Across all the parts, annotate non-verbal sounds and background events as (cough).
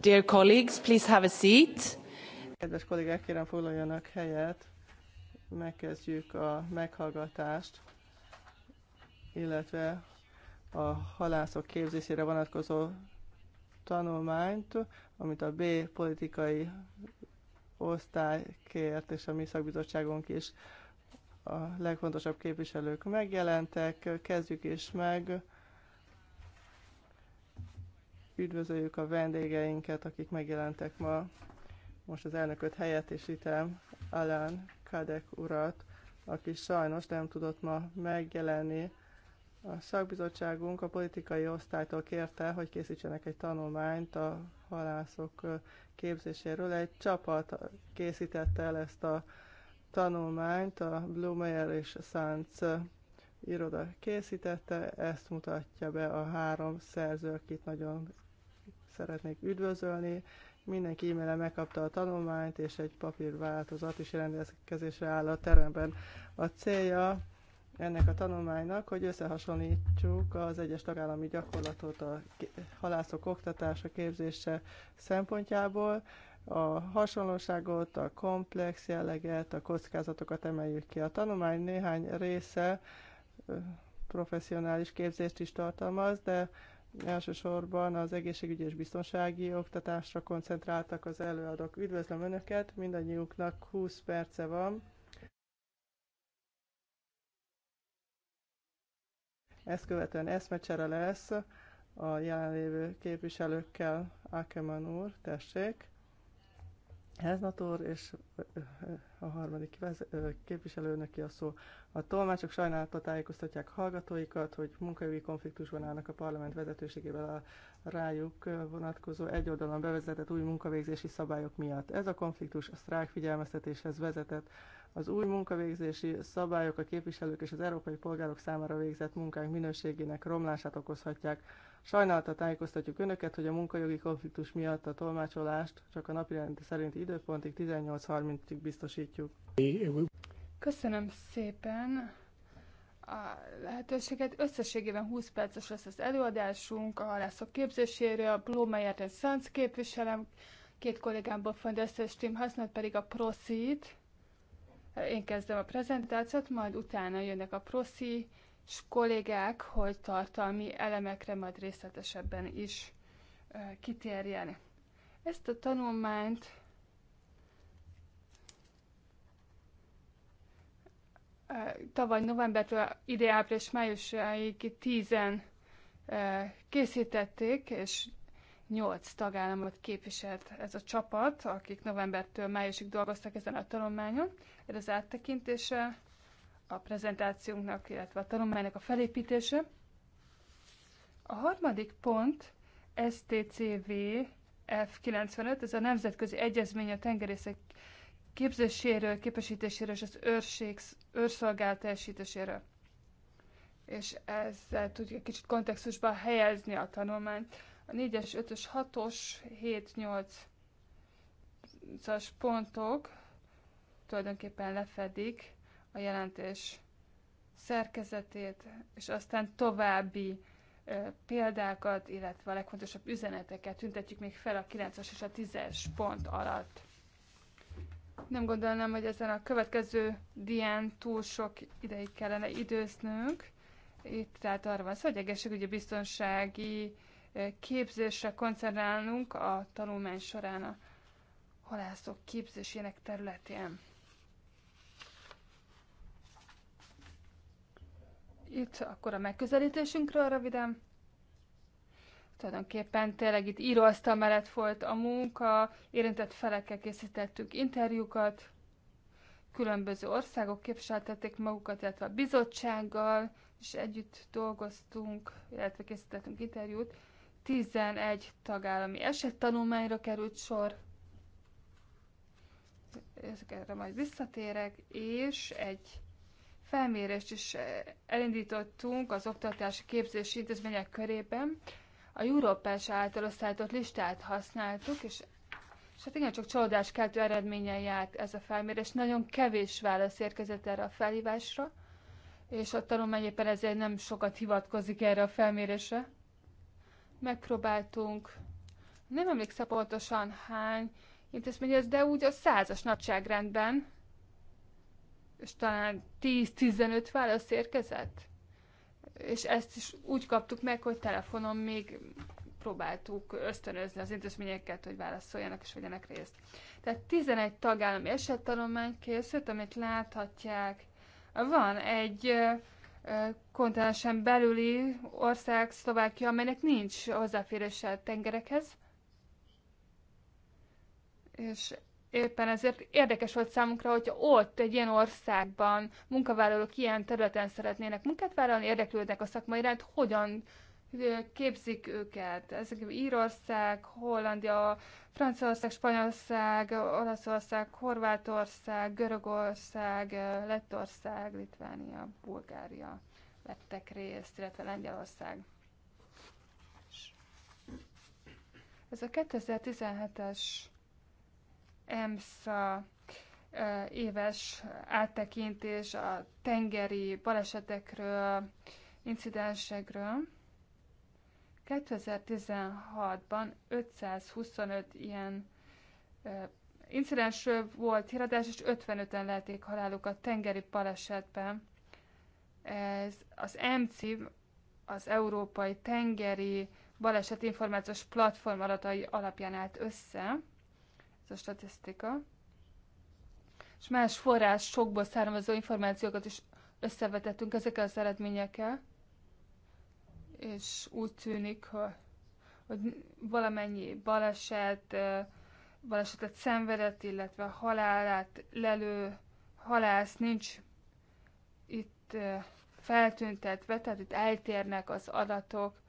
Dear colleagues, please have a seat. Kedves kollégák, kérem foglaljanak helyet. Megkezdjük a meghallgatást, illetve a halászok képzésére vonatkozó tanulmányt, amit a B politikai osztály kért, és a mi szakbizottságunk is a legfontosabb képviselők megjelentek. Kezdjük is meg Üdvözöljük a vendégeinket, akik megjelentek ma. Most az elnököt helyettesítem, Alan Kadek urat, aki sajnos nem tudott ma megjelenni. A szakbizottságunk a politikai osztálytól kérte, hogy készítsenek egy tanulmányt a halászok képzéséről. Egy csapat készítette el ezt a tanulmányt, a Blumeyer és Sanz iroda készítette, ezt mutatja be a három szerző, akit nagyon szeretnék üdvözölni. Mindenki e-mailen megkapta a tanulmányt, és egy papírváltozat is rendelkezésre áll a teremben. A célja ennek a tanulmánynak, hogy összehasonlítsuk az egyes tagállami gyakorlatot a halászok oktatása, képzése szempontjából, a hasonlóságot, a komplex jelleget, a kockázatokat emeljük ki. A tanulmány néhány része professzionális képzést is tartalmaz, de Elsősorban az egészségügyi és biztonsági oktatásra koncentráltak az előadók. Üdvözlöm Önöket, mindannyiuknak 20 perce van. Ezt követően eszmecsere lesz a jelenlévő képviselőkkel. Akeman úr, tessék. Heznator, és a harmadik képviselő neki a szó. A tolmácsok sajnálatot tájékoztatják hallgatóikat, hogy munkajogi konfliktusban állnak a parlament vezetőségével a rájuk vonatkozó egyoldalon bevezetett új munkavégzési szabályok miatt. Ez a konfliktus a sztrák figyelmeztetéshez vezetett. Az új munkavégzési szabályok a képviselők és az európai polgárok számára végzett munkák minőségének romlását okozhatják Sajnálta tájékoztatjuk Önöket, hogy a munkajogi konfliktus miatt a tolmácsolást csak a napirend szerinti időpontig 18.30-ig biztosítjuk. Köszönöm szépen a lehetőséget. Összességében 20 perces lesz az előadásunk, a lászok képzéséről, Blumeyert és Sanz képviselem, két kollégámból Fondesz és Tim Hasznot pedig a Proszit. Én kezdem a prezentációt, majd utána jönnek a Proszi és kollégák, hogy tartalmi elemekre majd részletesebben is kitérjen. Ezt a tanulmányt tavaly novembertől ide április májusáig tízen készítették, és nyolc tagállamot képviselt ez a csapat, akik novembertől májusig dolgoztak ezen a tanulmányon. Ez az áttekintése a prezentációnknak, illetve a tanulmánynak a felépítése. A harmadik pont STCV F95, ez a Nemzetközi Egyezmény a tengerészek képzéséről, képesítéséről és az őrség, őrszolgál teljesítéséről. És ezzel tudjuk egy kicsit kontextusban helyezni a tanulmányt. A 4-es, 5-ös, 6-os, 7, 8 as pontok tulajdonképpen lefedik a jelentés szerkezetét, és aztán további példákat, illetve a legfontosabb üzeneteket tüntetjük még fel a 9-as és a 10-es pont alatt. Nem gondolnám, hogy ezen a következő dián túl sok ideig kellene időznünk. Itt tehát arra van szó, hogy egészségügyi biztonsági képzésre koncentrálnunk a tanulmány során a halászok képzésének területén. itt akkor a megközelítésünkről röviden. Tulajdonképpen tényleg itt íróasztal mellett volt a munka, érintett felekkel készítettünk interjúkat, különböző országok képviseltették magukat, illetve a bizottsággal, és együtt dolgoztunk, illetve készítettünk interjút. 11 tagállami esettanulmányra került sor, ezekre majd visszatérek, és egy felmérést is eh, elindítottunk az oktatási képzési intézmények körében. A Európás által osztályított listát használtuk, és, és hát igen, csak csodás keltő eredményen járt ez a felmérés. Nagyon kevés válasz érkezett erre a felhívásra, és a tanulmány éppen ezért nem sokat hivatkozik erre a felmérésre. Megpróbáltunk, nem emlékszem pontosan hány intézményhez, de úgy a százas nagyságrendben és talán 10-15 válasz érkezett. És ezt is úgy kaptuk meg, hogy telefonon még próbáltuk ösztönözni az intézményeket, hogy válaszoljanak és vegyenek részt. Tehát 11 tagállami esettanulmány készült, amit láthatják. Van egy kontinensen belüli ország, Szlovákia, amelynek nincs hozzáférése a tengerekhez. És Éppen ezért érdekes volt számunkra, hogyha ott, egy ilyen országban munkavállalók ilyen területen szeretnének munkát vállalni, érdeklődnek a szakma iránt, hogyan képzik őket. Ezek Írország, Hollandia, Franciaország, Spanyolország, Olaszország, Horvátország, Görögország, Lettország, Litvánia, Bulgária vettek részt, illetve Lengyelország. Ez a 2017-es EMSZA éves áttekintés a tengeri balesetekről, incidensekről. 2016-ban 525 ilyen incidensről volt híradás, és 55-en lehetik a tengeri balesetben. Ez az EMCI, az Európai Tengeri Baleset Információs Platform adatai alapján állt össze ez a statisztika. És más forrás sokból származó információkat is összevetettünk ezekkel az eredményekkel, és úgy tűnik, hogy, hogy valamennyi baleset, balesetet szenvedett, illetve halálát lelő halász nincs itt feltüntetve, tehát itt eltérnek az adatok,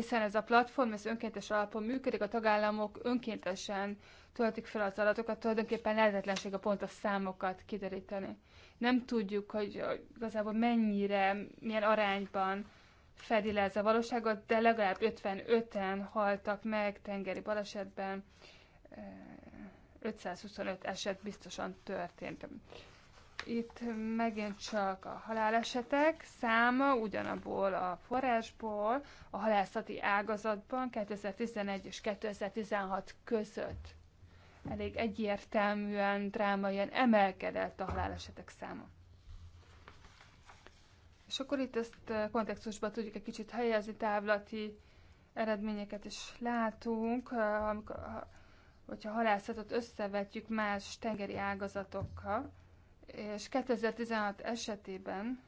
hiszen ez a platform, ez önkéntes alapon működik, a tagállamok önkéntesen töltik fel az adatokat, tulajdonképpen lehetetlenség a pontos számokat kideríteni. Nem tudjuk, hogy igazából mennyire, milyen arányban fedi le ez a valóságot, de legalább 55-en haltak meg tengeri balesetben, 525 eset biztosan történt. Itt megint csak a halálesetek száma ugyanabból a forrásból a halászati ágazatban 2011 és 2016 között elég egyértelműen drámaian emelkedett a halálesetek száma. És akkor itt ezt eh, kontextusban tudjuk egy kicsit helyezni, távlati eredményeket is látunk, eh, amikor, hogyha halászatot összevetjük más tengeri ágazatokkal, és 2016 esetében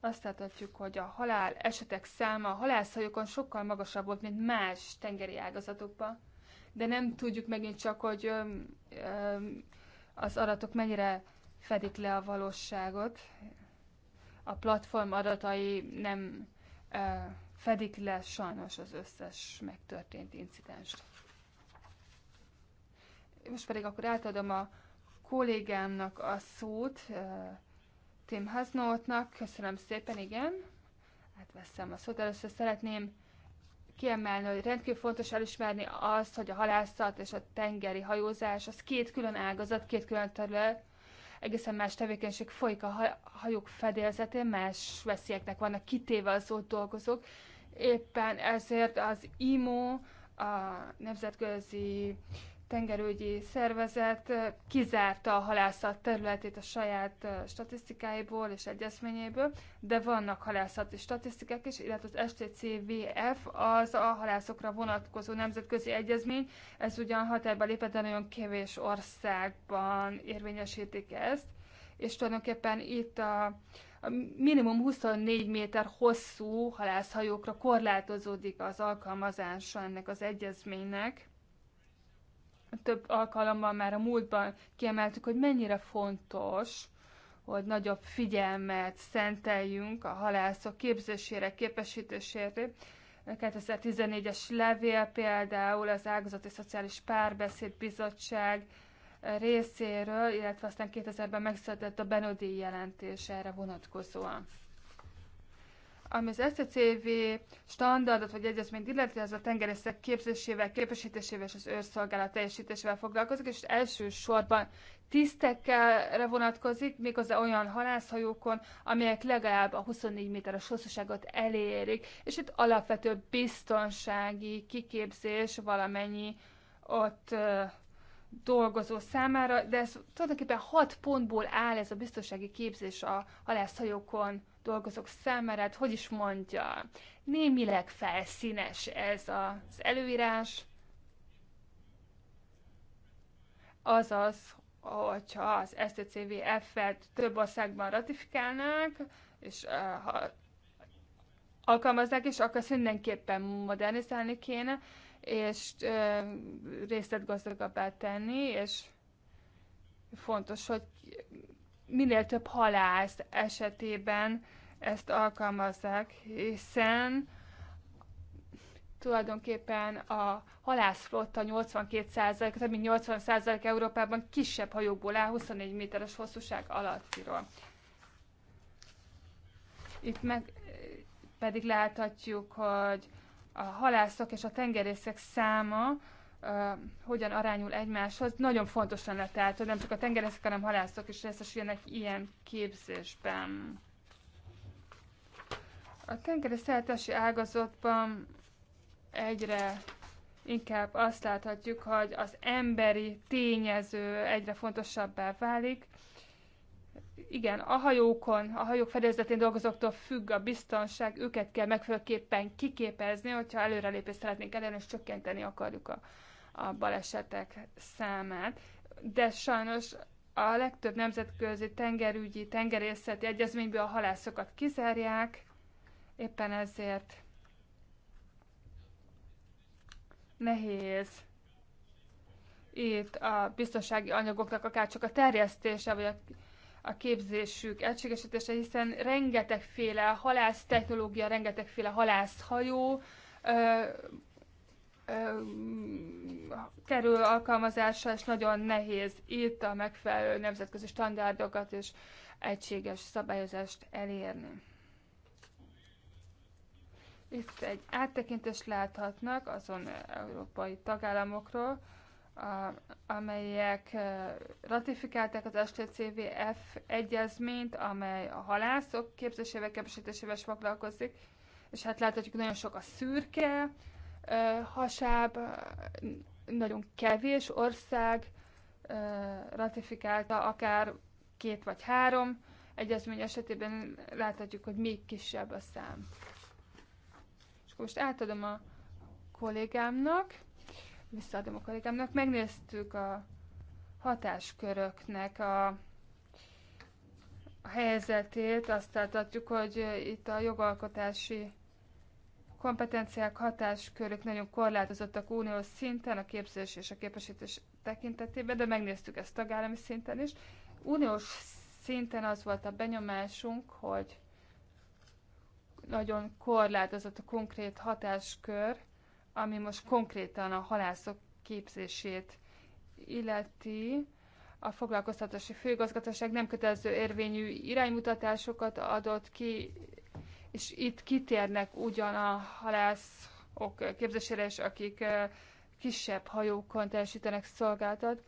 azt láthatjuk, hogy a halál esetek száma a halászhajókon sokkal magasabb volt, mint más tengeri ágazatokban. De nem tudjuk megint csak, hogy öm, öm, az adatok mennyire fedik le a valóságot. A platform adatai nem fedik le sajnos az összes megtörtént incidenst. Most pedig akkor átadom a kollégámnak a szót, eh, Tim Haznótnak. Köszönöm szépen, igen. Átveszem a szót. Először szeretném kiemelni, hogy rendkívül fontos elismerni azt, hogy a halászat és a tengeri hajózás az két külön ágazat, két külön terület, egészen más tevékenység folyik a hajók fedélzetén, más veszélyeknek vannak kitéve az ott dolgozók. Éppen ezért az IMO, a Nemzetközi uh, tengerügyi szervezet kizárta a halászat területét a saját statisztikáiból és egyezményéből, de vannak halászati statisztikák is, illetve az STCVF az a halászokra vonatkozó nemzetközi egyezmény, ez ugyan határba lépett, de nagyon kevés országban érvényesítik ezt, és tulajdonképpen itt a, a minimum 24 méter hosszú halászhajókra korlátozódik az alkalmazása ennek az egyezménynek több alkalommal már a múltban kiemeltük, hogy mennyire fontos, hogy nagyobb figyelmet szenteljünk a halászok képzésére, képesítésére. 2014-es levél például az Ágazati Szociális Párbeszéd Bizottság részéről, illetve aztán 2000-ben megszületett a Benodi jelentés erre vonatkozóan ami az SCCV standardot vagy egyezményt illeti, az a tengerészek képzésével, képesítésével és az őrszolgálat teljesítésével foglalkozik, és elsősorban tisztekkelre vonatkozik, méghozzá olyan halászhajókon, amelyek legalább a 24 méteres hosszúságot elérik, és itt alapvető biztonsági kiképzés valamennyi ott dolgozó számára, de ez tulajdonképpen hat pontból áll ez a biztonsági képzés a halászhajókon dolgozók számára, hát hogy is mondja, némileg felszínes ez az előírás, azaz, hogyha az STCVF-et több országban ratifikálnák, és eh, ha alkalmaznák is, akkor mindenképpen modernizálni kéne, és eh, részletgazdagabbá tenni, és fontos, hogy minél több halász esetében ezt alkalmazzák, hiszen tulajdonképpen a halászflotta 82%, tehát mint 80% Európában kisebb hajókból áll 24 méteres hosszúság alattiról. Itt meg pedig láthatjuk, hogy a halászok és a tengerészek száma hogyan arányul egymáshoz, nagyon fontos lenne tehát, hogy nem csak a tengerészek, hanem halászok is részesüljenek ilyen képzésben. A tengerészeltási ágazatban egyre inkább azt láthatjuk, hogy az emberi tényező egyre fontosabbá válik. Igen, a hajókon, a hajók fedezetén dolgozóktól függ a biztonság, őket kell megfelelőképpen kiképezni, hogyha előrelépést szeretnénk elérni, és csökkenteni akarjuk a a balesetek számát, de sajnos a legtöbb nemzetközi tengerügyi, tengerészeti egyezményből a halászokat kizárják, éppen ezért nehéz itt a biztonsági anyagoknak akár csak a terjesztése, vagy a, a képzésük egységesítése, hiszen rengetegféle halász technológia, rengetegféle halászhajó kerül alkalmazásra, és nagyon nehéz itt a megfelelő nemzetközi standardokat és egységes szabályozást elérni. Itt egy áttekintést láthatnak azon európai tagállamokról, amelyek ratifikálták az STCVF egyezményt, amely a halászok képzésével, képesítésével is foglalkozik, és hát láthatjuk, nagyon sok a szürke, hasáb nagyon kevés ország ratifikálta, akár két vagy három egyezmény esetében láthatjuk, hogy még kisebb a szám. És akkor most átadom a kollégámnak, visszaadom a kollégámnak, megnéztük a hatásköröknek a, a helyzetét, azt láthatjuk, hogy itt a jogalkotási kompetenciák, hatáskörök nagyon korlátozottak uniós szinten, a képzés és a képesítés tekintetében, de megnéztük ezt tagállami szinten is. Uniós szinten az volt a benyomásunk, hogy nagyon korlátozott a konkrét hatáskör, ami most konkrétan a halászok képzését illeti. A foglalkoztatási főigazgatóság nem kötelező érvényű iránymutatásokat adott ki, és itt kitérnek ugyan a halászok képzésére is, akik kisebb hajókon teljesítenek szolgálatot,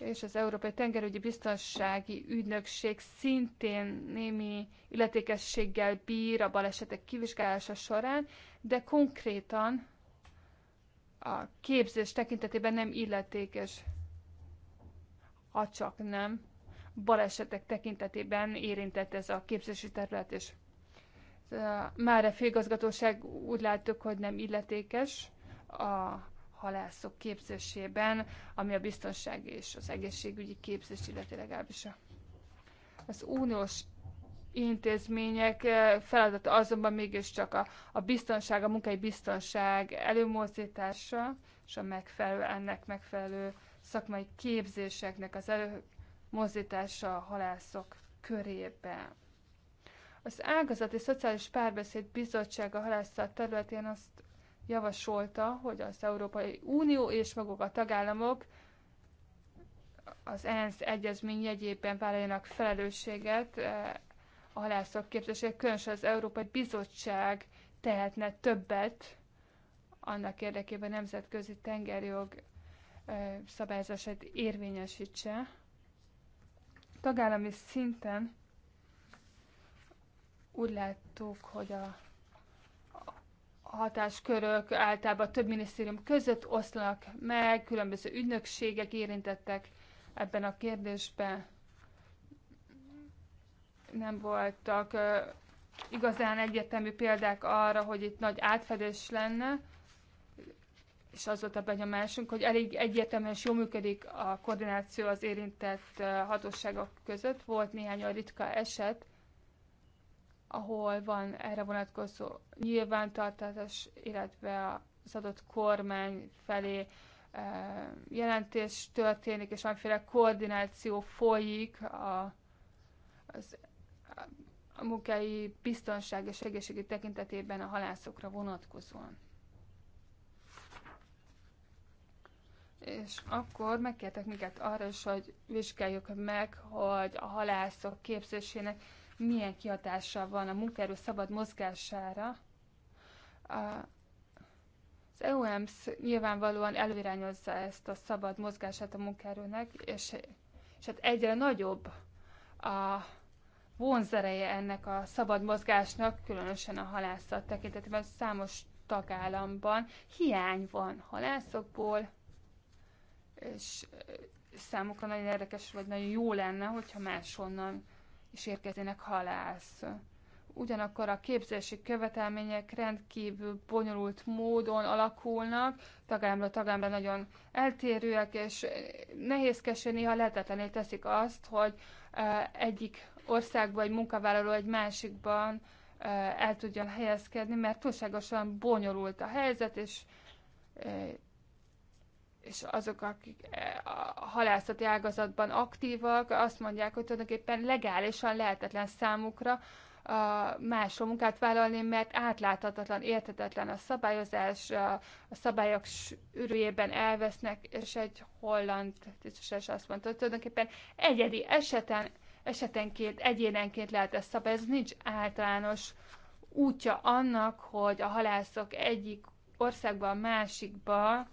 és az Európai Tengerügyi Biztonsági Ügynökség szintén némi illetékességgel bír a balesetek kivizsgálása során, de konkrétan a képzés tekintetében nem illetékes, ha csak nem balesetek tekintetében érintett ez a képzési terület is már a főigazgatóság úgy láttuk, hogy nem illetékes a halászok képzésében, ami a biztonság és az egészségügyi képzés illeti legalábbis. Az uniós intézmények eh, feladata azonban mégiscsak a, a biztonság, a munkai biztonság előmozdítása és a megfelelő, ennek megfelelő szakmai képzéseknek az előmozdítása a halászok körében. Az Ágazati Szociális Párbeszéd Bizottsága halászat területén azt javasolta, hogy az Európai Unió és maguk a tagállamok az ENSZ egyezmény jegyében vállaljanak felelősséget eh, a halászok képzésére, különösen az Európai Bizottság tehetne többet annak érdekében nemzetközi tengerjog eh, szabályozását érvényesítse. Tagállami szinten úgy láttuk, hogy a hatáskörök általában több minisztérium között oszlanak meg, különböző ügynökségek érintettek ebben a kérdésben. Nem voltak igazán egyetemű példák arra, hogy itt nagy átfedés lenne, és az volt a benyomásunk, hogy elég egyetemen és jól működik a koordináció az érintett hatóságok között. Volt néhány a ritka eset, ahol van erre vonatkozó nyilvántartás, illetve az adott kormány felé eh, jelentés történik, és valamiféle koordináció folyik a, az, a munkai biztonság és egészségi tekintetében a halászokra vonatkozóan. És akkor megkértek minket arra is, hogy vizsgáljuk meg, hogy a halászok képzésének milyen kihatása van a munkaerő szabad mozgására. A, az EUMS nyilvánvalóan előirányozza ezt a szabad mozgását a munkaerőnek, és, és hát egyre nagyobb a vonzereje ennek a szabad mozgásnak, különösen a halászat tekintetében számos tagállamban hiány van halászokból, és számukra nagyon érdekes, vagy nagyon jó lenne, hogyha máshonnan és érkezének halász. Ugyanakkor a képzési követelmények rendkívül bonyolult módon alakulnak, tagámra tagámra nagyon eltérőek, és nehézkesen néha lehetetlené teszik azt, hogy egyik országban egy munkavállaló egy másikban el tudjon helyezkedni, mert túlságosan bonyolult a helyzet, és és azok, akik eh, a halászati ágazatban aktívak, azt mondják, hogy tulajdonképpen legálisan lehetetlen számukra a másról munkát vállalni, mert átláthatatlan, értetetlen a szabályozás, a szabályok ürüjében elvesznek, és egy holland tisztviselés azt mondta, hogy tulajdonképpen egyedi eseten, esetenként, egyénenként lehet ezt szabályozni, nincs általános útja annak, hogy a halászok egyik országban másikba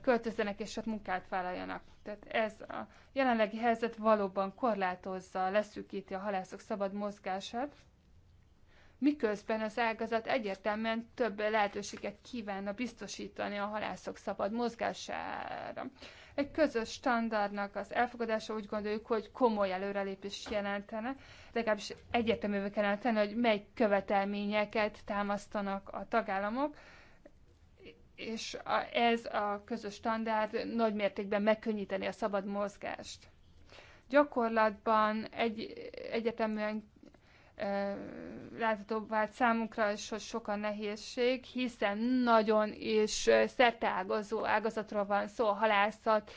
költözzenek és ott munkát vállaljanak. Tehát ez a jelenlegi helyzet valóban korlátozza, leszűkíti a halászok szabad mozgását, miközben az ágazat egyértelműen több lehetőséget kívánna biztosítani a halászok szabad mozgására. Egy közös standardnak az elfogadása úgy gondoljuk, hogy komoly előrelépés jelentene, legalábbis egyértelművé kellene tenni, hogy mely követelményeket támasztanak a tagállamok, és ez a közös standard nagy mértékben megkönnyíteni a szabad mozgást. Gyakorlatban egy, egyeteműen e, látható vált számunkra is, hogy sok a nehézség, hiszen nagyon is szerteágazó ágazatról van szó, a halászat,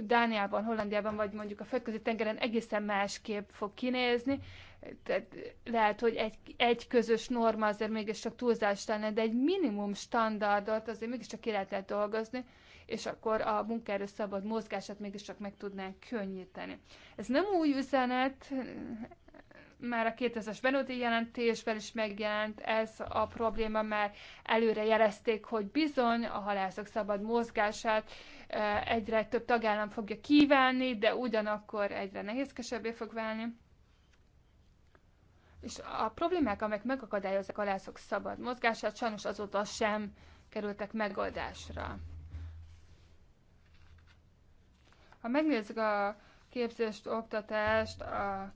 Dániában, Hollandiában, vagy mondjuk a földközi tengeren egészen másképp fog kinézni, tehát lehet, hogy egy, egy közös norma azért mégiscsak túlzás lenne, de egy minimum standardot azért mégiscsak ki lehetett dolgozni, és akkor a munkaerő szabad mozgását mégiscsak meg tudnánk könnyíteni. Ez nem új üzenet, már a 2000-es Benodi jelentésben is megjelent ez a probléma, mert előre jelezték, hogy bizony a halászok szabad mozgását eh, egyre több tagállam fogja kívánni, de ugyanakkor egyre nehézkesebbé fog válni és a problémák, amelyek megakadályozzák a lászok szabad mozgását, sajnos azóta sem kerültek megoldásra. Ha megnézzük a képzést, oktatást, a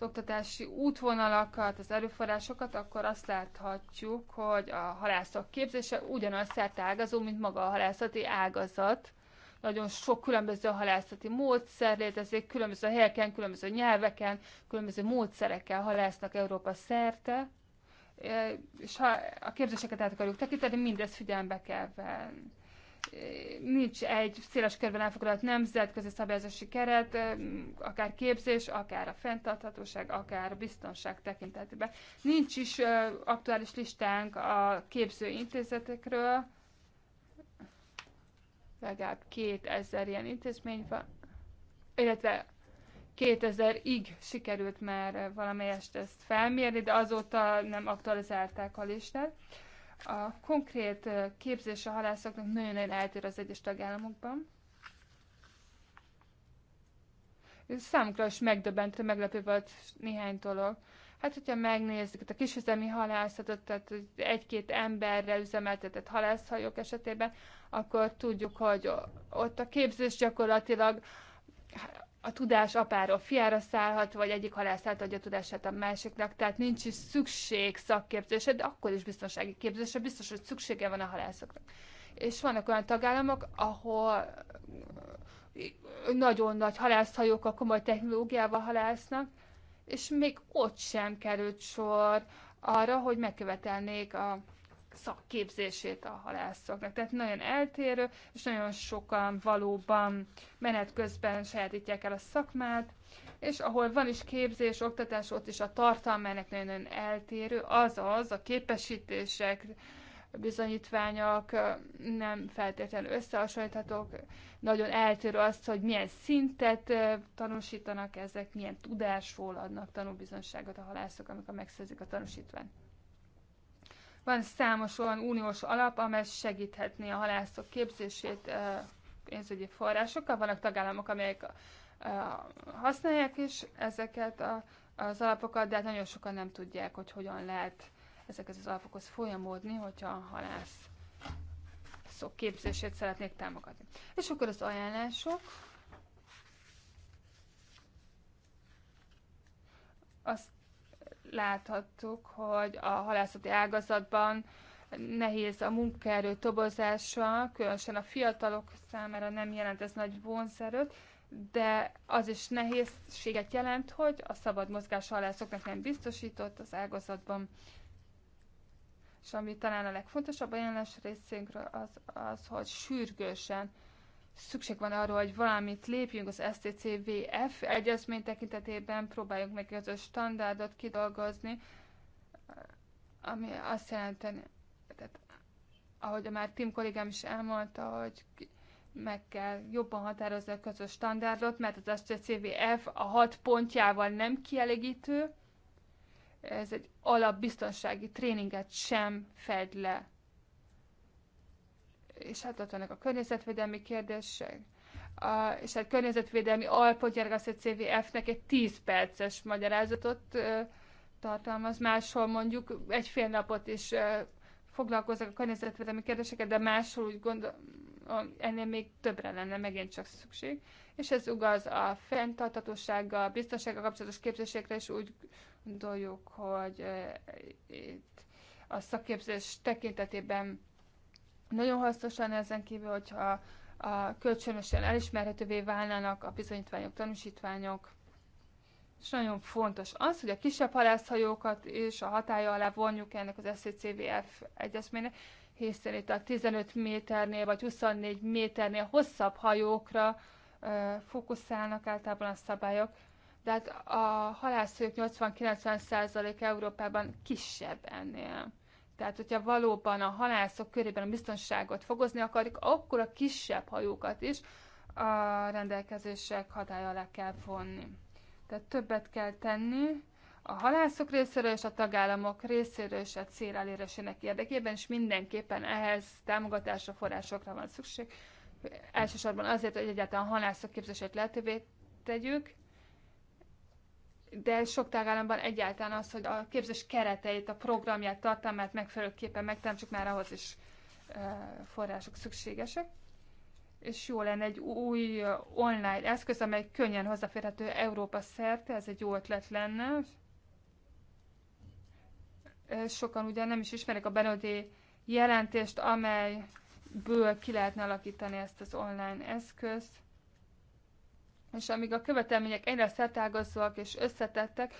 az oktatási útvonalakat, az erőforrásokat, akkor azt láthatjuk, hogy a halászok képzése ugyanaz szertágazó, mint maga a halászati ágazat nagyon sok különböző halászati módszer létezik, különböző helyeken, különböző nyelveken, különböző módszerekkel halásznak Európa szerte, és ha a képzéseket át akarjuk tekinteni, mindezt figyelembe kell venni. Nincs egy széles körben elfogadott nemzetközi szabályozási keret, akár képzés, akár a fenntarthatóság, akár a biztonság tekintetében. Nincs is aktuális listánk a képzőintézetekről, legalább 2000 ilyen intézmény van, illetve 2000-ig sikerült már valamelyest ezt felmérni, de azóta nem aktualizálták a listát. A konkrét képzés a halászoknak nagyon-nagyon eltér az egyes tagállamokban. számukra is megdöbbentő, meglepő volt néhány dolog. Hát, hogyha megnézzük a kisüzemi halászatot, tehát egy-két emberrel üzemeltetett halászhajók esetében, akkor tudjuk, hogy ott a képzés gyakorlatilag a tudás apáról fiára szállhat, vagy egyik halász átadja a tudását a másiknak, tehát nincs is szükség szakképzésre, de akkor is biztonsági képzésre biztos, hogy szüksége van a halászoknak. És vannak olyan tagállamok, ahol nagyon nagy halászhajók a komoly technológiával halásznak, és még ott sem került sor arra, hogy megkövetelnék a szakképzését a halászoknak. Tehát nagyon eltérő, és nagyon sokan valóban menet közben sajátítják el a szakmát, és ahol van is képzés, oktatás, ott is a tartalmának nagyon-nagyon eltérő, azaz a képesítések, bizonyítványok nem feltétlenül összehasonlíthatók, nagyon eltérő az, hogy milyen szintet tanúsítanak ezek, milyen tudásról adnak tanúbizonyságot a halászok, amikor megszerzik a tanúsítványt. Van számos olyan uniós alap, amely segíthetné a halászok képzését pénzügyi forrásokkal. Vannak tagállamok, amelyek használják is ezeket az alapokat, de hát nagyon sokan nem tudják, hogy hogyan lehet ezekhez az alapokhoz folyamodni, hogyha a halász szok képzését szeretnék támogatni. És akkor az ajánlások. Azt láthattuk, hogy a halászati ágazatban nehéz a munkaerő tobozása, különösen a fiatalok számára nem jelent ez nagy vonzerőt, de az is nehézséget jelent, hogy a szabad mozgás halászoknak nem biztosított az ágazatban és ami talán a legfontosabb ajánlás részünkről az, az, hogy sürgősen szükség van arra, hogy valamit lépjünk az STCVF egyezmény tekintetében, próbáljunk meg a standardot kidolgozni, ami azt jelenti, tehát, ahogy már Tim kollégám is elmondta, hogy meg kell jobban határozni a közös standardot, mert az STCVF a hat pontjával nem kielégítő, ez egy alapbiztonsági tréninget sem fed le. És hát ott vannak a környezetvédelmi kérdések. A, és hát környezetvédelmi alpontjára a CVF-nek egy 10 perces magyarázatot ö, tartalmaz. Máshol mondjuk egy fél napot is ö, foglalkoznak a környezetvédelmi kérdéseket, de máshol úgy gondolom, ennél még többre lenne megint csak szükség. És ez ugaz a fenntartatósággal, biztonsággal kapcsolatos képzésekre is úgy gondoljuk, hogy a szakképzés tekintetében nagyon hasznos lenne ezen kívül, hogyha a kölcsönösen elismerhetővé válnának a bizonyítványok, tanúsítványok. És nagyon fontos az, hogy a kisebb halászhajókat és a hatája alá vonjuk ennek az SCCVF egyezménynek, hiszen itt a 15 méternél vagy 24 méternél hosszabb hajókra ö, fókuszálnak általában a szabályok, de hát a halászfők 80-90% Európában kisebb ennél. Tehát, hogyha valóban a halászok körében a biztonságot fogozni akarjuk, akkor a kisebb hajókat is a rendelkezések hatája alá kell vonni. Tehát többet kell tenni a halászok részéről és a tagállamok részéről és a cél elérésének érdekében, és mindenképpen ehhez támogatásra, forrásokra van szükség. Elsősorban azért, hogy egyáltalán a halászok képzését lehetővé tegyük, de sok tagállamban egyáltalán az, hogy a képzés kereteit, a programját, tartalmát megfelelőképpen megteremtsük, már ahhoz is források szükségesek. És jó lenne egy új online eszköz, amely könnyen hozzáférhető Európa szerte, ez egy jó ötlet lenne. Sokan ugye nem is ismerik a Benodé jelentést, amelyből ki lehetne alakítani ezt az online eszközt és amíg a követelmények egyre szertágazóak és összetettek,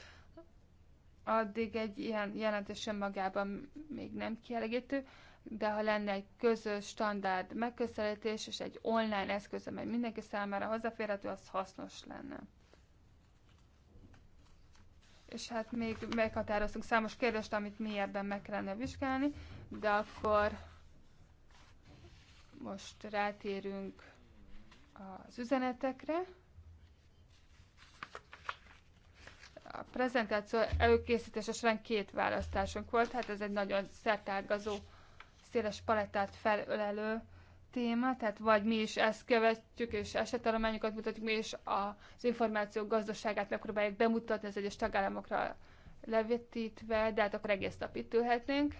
addig egy ilyen jelentés magában még nem kielégítő, de ha lenne egy közös standard megközelítés és egy online eszköz, amely mindenki számára hozzáférhető, az hasznos lenne. És hát még meghatároztunk számos kérdést, amit ebben meg kellene vizsgálni, de akkor most rátérünk az üzenetekre. a prezentáció előkészítése során két választásunk volt, hát ez egy nagyon szertágazó, széles palettát felölelő téma, tehát vagy mi is ezt követjük, és esetelományokat mutatjuk, mi is az információ gazdaságát megpróbáljuk bemutatni az egyes tagállamokra levetítve, de hát akkor egész nap itt ülhetnénk.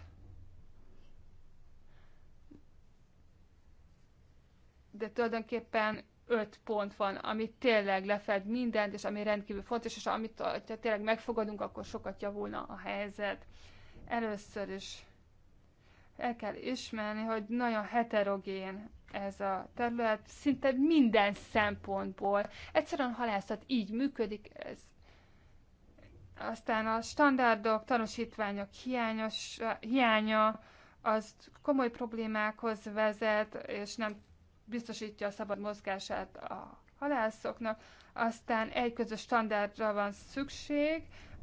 De tulajdonképpen öt pont van, ami tényleg lefed mindent, és ami rendkívül fontos, és amit ha tényleg megfogadunk, akkor sokat javulna a helyzet. Először is el kell ismerni, hogy nagyon heterogén ez a terület, szinte minden szempontból. Egyszerűen halászat így működik, ez aztán a standardok, tanúsítványok hiányos, hiánya, az komoly problémákhoz vezet, és nem biztosítja a szabad mozgását a halászoknak, aztán egy közös standardra van szükség,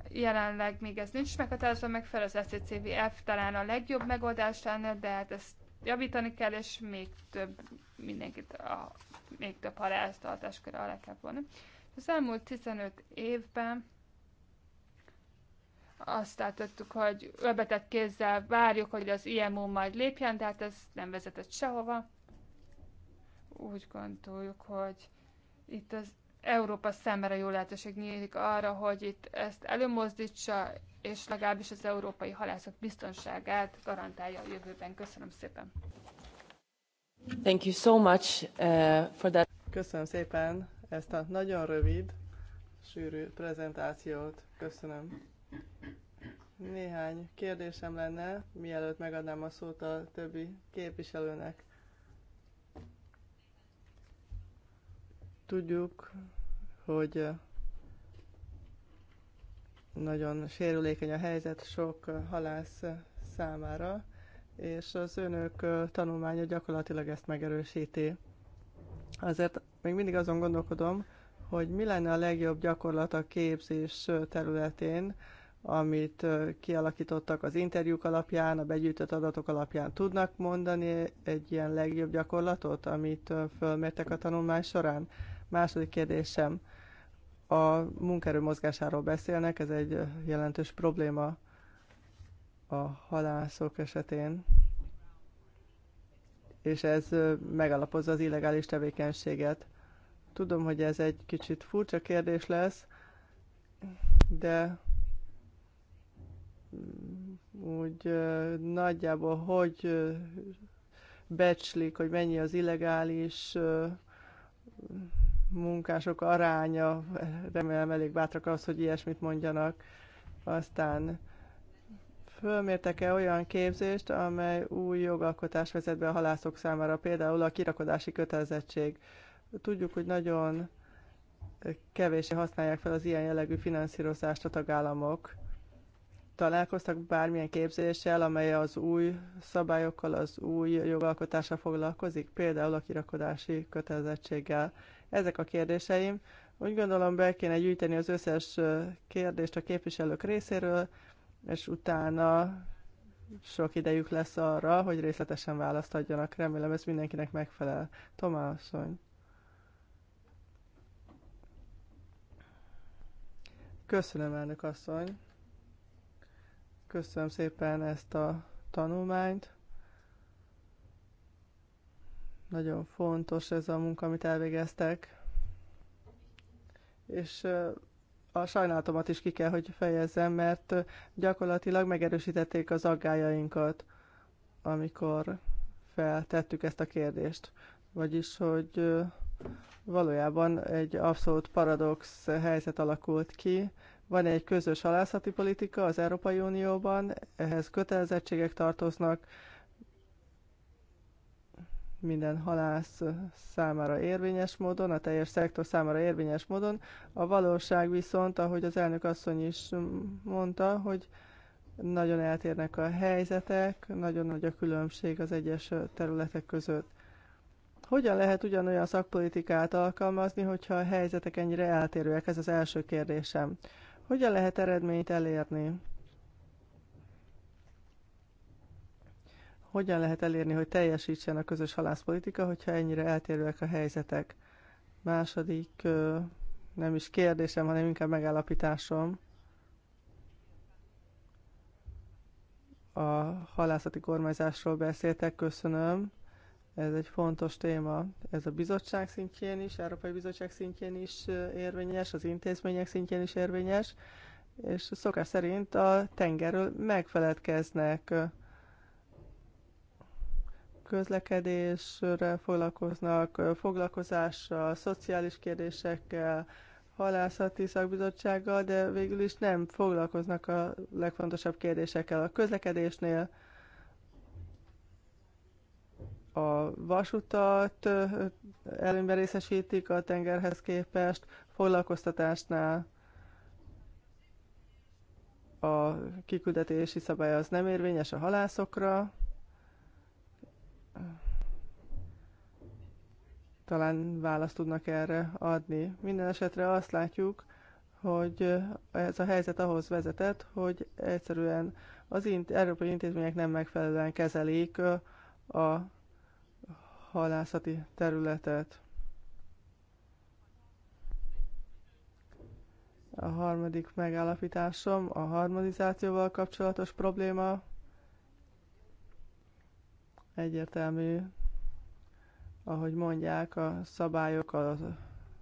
jelenleg még ez nincs meghatározva megfelelő, az SCCVF talán a legjobb megoldás lenne, de hát ezt javítani kell, és még több mindenkit, a, még több halásztartás körre alá kell volna. Az elmúlt 15 évben azt látottuk, hogy öbetett kézzel várjuk, hogy az IMO majd lépjen, de hát ez nem vezetett sehova úgy gondoljuk, hogy itt az Európa szemre jó lehetőség nyílik arra, hogy itt ezt előmozdítsa, és legalábbis az európai halászok biztonságát garantálja a jövőben. Köszönöm szépen! Thank you so much uh, for that. Köszönöm szépen ezt a nagyon rövid, sűrű prezentációt. Köszönöm. Néhány kérdésem lenne, mielőtt megadnám a szót a többi képviselőnek. Tudjuk, hogy nagyon sérülékeny a helyzet sok halász számára, és az önök tanulmánya gyakorlatilag ezt megerősíti. Azért még mindig azon gondolkodom, hogy mi lenne a legjobb gyakorlat a képzés területén, amit kialakítottak az interjúk alapján, a begyűjtött adatok alapján. Tudnak mondani egy ilyen legjobb gyakorlatot, amit fölmértek a tanulmány során? Második kérdésem, a munkerő mozgásáról beszélnek, ez egy jelentős probléma a halászok esetén, és ez megalapozza az illegális tevékenységet. Tudom, hogy ez egy kicsit furcsa kérdés lesz, de úgy nagyjából hogy becslik, hogy mennyi az illegális munkások aránya, remélem elég bátrak az, hogy ilyesmit mondjanak. Aztán fölmértek-e olyan képzést, amely új jogalkotás vezet be a halászok számára, például a kirakodási kötelezettség. Tudjuk, hogy nagyon kevéssé használják fel az ilyen jellegű finanszírozást a tagállamok. Találkoztak bármilyen képzéssel, amely az új szabályokkal, az új jogalkotással foglalkozik, például a kirakodási kötelezettséggel. Ezek a kérdéseim. Úgy gondolom, be kéne gyűjteni az összes kérdést a képviselők részéről, és utána sok idejük lesz arra, hogy részletesen választ adjanak. Remélem ez mindenkinek megfelel. Tomá Köszönöm, elnök asszony. Köszönöm szépen ezt a tanulmányt. Nagyon fontos ez a munka, amit elvégeztek. És a sajnálatomat is ki kell, hogy fejezzem, mert gyakorlatilag megerősítették az aggájainkat, amikor feltettük ezt a kérdést. Vagyis, hogy valójában egy abszolút paradox helyzet alakult ki. Van egy közös halászati politika az Európai Unióban, ehhez kötelezettségek tartoznak, minden halász számára érvényes módon, a teljes szektor számára érvényes módon. A valóság viszont, ahogy az elnök asszony is mondta, hogy nagyon eltérnek a helyzetek, nagyon nagy a különbség az egyes területek között. Hogyan lehet ugyanolyan szakpolitikát alkalmazni, hogyha a helyzetek ennyire eltérőek? Ez az első kérdésem. Hogyan lehet eredményt elérni? hogyan lehet elérni, hogy teljesítsen a közös halászpolitika, hogyha ennyire eltérőek a helyzetek? Második, nem is kérdésem, hanem inkább megállapításom. A halászati kormányzásról beszéltek, köszönöm. Ez egy fontos téma. Ez a bizottság szintjén is, Európai Bizottság szintjén is érvényes, az intézmények szintjén is érvényes, és szokás szerint a tengerről megfeledkeznek közlekedésre foglalkoznak, foglalkozással, szociális kérdésekkel, halászati szakbizottsággal, de végül is nem foglalkoznak a legfontosabb kérdésekkel a közlekedésnél. A vasutat előnybe részesítik a tengerhez képest, foglalkoztatásnál a kiküldetési szabály az nem érvényes a halászokra, talán választ tudnak erre adni. Minden esetre azt látjuk, hogy ez a helyzet ahhoz vezetett, hogy egyszerűen az in- európai intézmények nem megfelelően kezelik a halászati területet. A harmadik megállapításom a harmonizációval kapcsolatos probléma egyértelmű, ahogy mondják, a szabályok az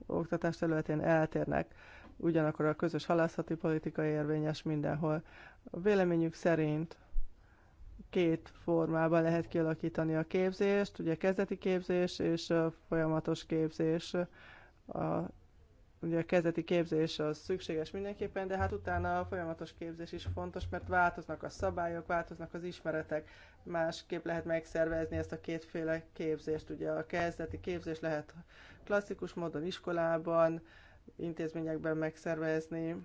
oktatás területén eltérnek. Ugyanakkor a közös halászati politika érvényes mindenhol. A véleményük szerint két formában lehet kialakítani a képzést, ugye kezdeti képzés és folyamatos képzés a Ugye a kezdeti képzés az szükséges mindenképpen, de hát utána a folyamatos képzés is fontos, mert változnak a szabályok, változnak az ismeretek. Másképp lehet megszervezni ezt a kétféle képzést. Ugye a kezdeti képzés lehet klasszikus módon iskolában, intézményekben megszervezni,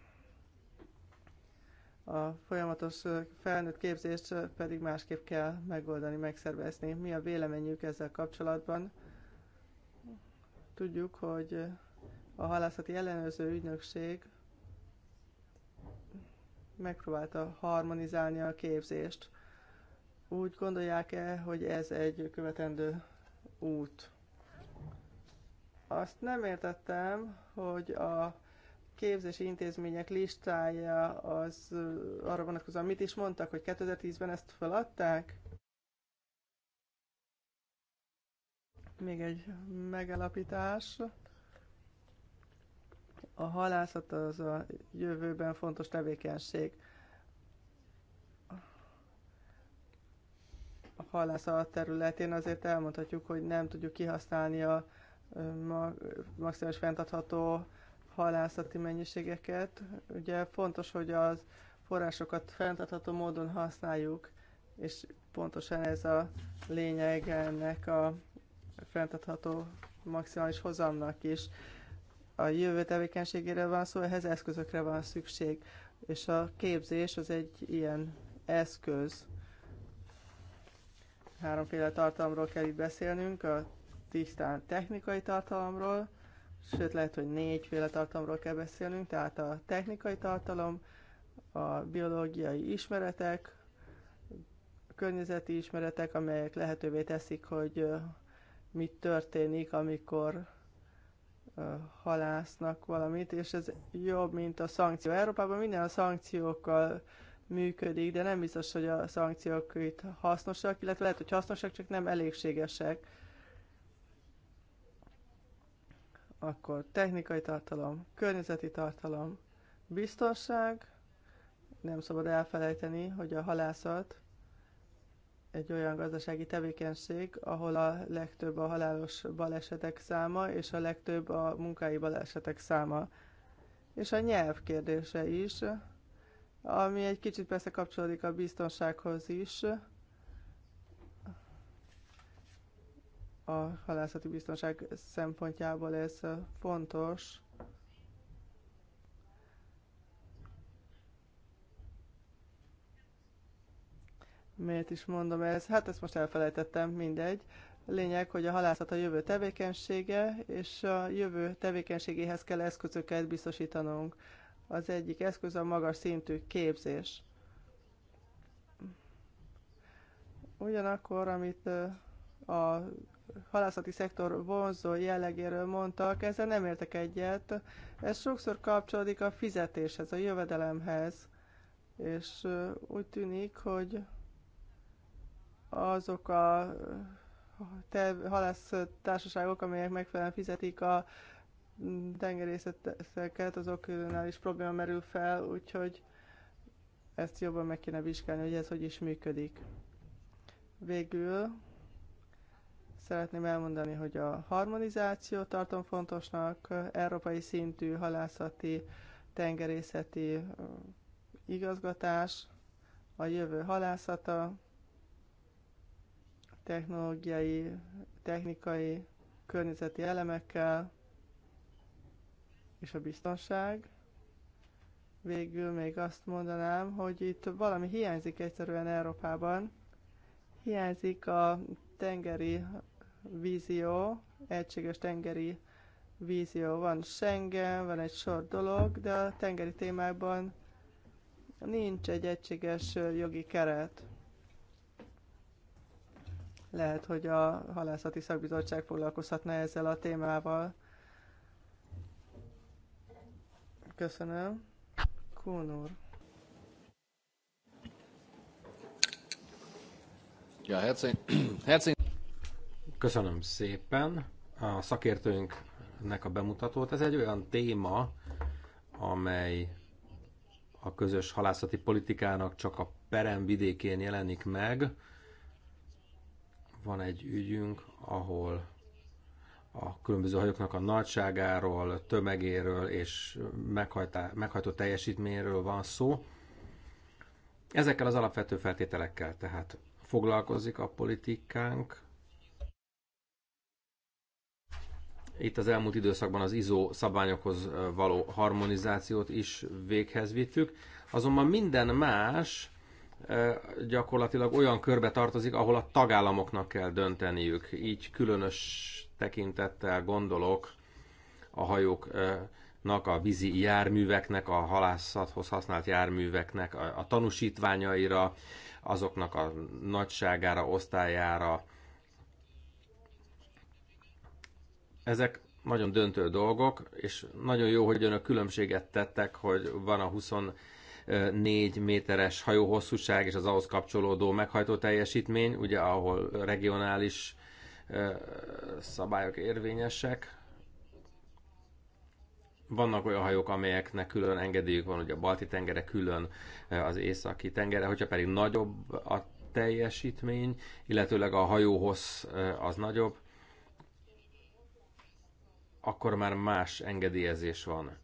a folyamatos felnőtt képzést pedig másképp kell megoldani, megszervezni. Mi a véleményük ezzel kapcsolatban? Tudjuk, hogy a halászati ellenőrző ügynökség megpróbálta harmonizálni a képzést. Úgy gondolják-e, hogy ez egy követendő út? Azt nem értettem, hogy a képzési intézmények listája az arra vonatkozóan mit is mondtak, hogy 2010-ben ezt feladták? Még egy megalapítás. A halászat az a jövőben fontos tevékenység. A halászat területén azért elmondhatjuk, hogy nem tudjuk kihasználni a maximális fenntartható halászati mennyiségeket. Ugye fontos, hogy az forrásokat fenntartható módon használjuk, és pontosan ez a lényeg ennek a fenntartható maximális hozamnak is a jövő tevékenységéről van szó, ehhez eszközökre van szükség, és a képzés az egy ilyen eszköz. Háromféle tartalomról kell itt beszélnünk, a tisztán technikai tartalomról, sőt lehet, hogy négyféle tartalomról kell beszélnünk, tehát a technikai tartalom, a biológiai ismeretek, a környezeti ismeretek, amelyek lehetővé teszik, hogy mit történik, amikor halásznak valamit, és ez jobb, mint a szankció. Európában minden a szankciókkal működik, de nem biztos, hogy a szankciók itt hasznosak, illetve lehet, hogy hasznosak, csak nem elégségesek. Akkor technikai tartalom, környezeti tartalom, biztonság, nem szabad elfelejteni, hogy a halászat egy olyan gazdasági tevékenység, ahol a legtöbb a halálos balesetek száma, és a legtöbb a munkai balesetek száma. És a nyelv kérdése is, ami egy kicsit persze kapcsolódik a biztonsághoz is, a halászati biztonság szempontjából ez fontos. Miért is mondom ez? Hát ezt most elfelejtettem, mindegy. Lényeg, hogy a halászat a jövő tevékenysége, és a jövő tevékenységéhez kell eszközöket biztosítanunk. Az egyik eszköz a magas szintű képzés. Ugyanakkor, amit a halászati szektor vonzó jellegéről mondtak, ezzel nem értek egyet. Ez sokszor kapcsolódik a fizetéshez, a jövedelemhez, és úgy tűnik, hogy azok a halász társaságok amelyek megfelelően fizetik a tengerészeteket, azoknál is probléma merül fel, úgyhogy ezt jobban meg kéne vizsgálni, hogy ez hogy is működik. Végül szeretném elmondani, hogy a harmonizáció tartom fontosnak, európai szintű halászati, tengerészeti igazgatás, a jövő halászata, technológiai, technikai, környezeti elemekkel, és a biztonság. Végül még azt mondanám, hogy itt valami hiányzik egyszerűen Európában. Hiányzik a tengeri vízió, egységes tengeri vízió. Van Schengen, van egy sor dolog, de a tengeri témákban nincs egy egységes jogi keret. Lehet, hogy a halászati szakbizottság foglalkozhatna ezzel a témával. Köszönöm. Kún Ja, herceg. herceg. Köszönöm szépen a szakértőnknek a bemutatót. Ez egy olyan téma, amely a közös halászati politikának csak a perem vidékén jelenik meg, van egy ügyünk, ahol a különböző hajóknak a nagyságáról, tömegéről és meghajtá, meghajtó teljesítményről van szó. Ezekkel az alapvető feltételekkel tehát foglalkozik a politikánk. Itt az elmúlt időszakban az ISO szabványokhoz való harmonizációt is véghez vittük, azonban minden más gyakorlatilag olyan körbe tartozik, ahol a tagállamoknak kell dönteniük. Így különös tekintettel gondolok a hajóknak, a vízi járműveknek, a halászathoz használt járműveknek, a tanúsítványaira, azoknak a nagyságára, osztályára. Ezek nagyon döntő dolgok, és nagyon jó, hogy önök különbséget tettek, hogy van a 20 4 méteres hajóhosszúság és az ahhoz kapcsolódó meghajtó teljesítmény, ugye ahol regionális szabályok érvényesek. Vannak olyan hajók, amelyeknek külön engedélyük van, ugye a balti tengere külön az északi tengere, hogyha pedig nagyobb a teljesítmény, illetőleg a hajóhossz az nagyobb, akkor már más engedélyezés van.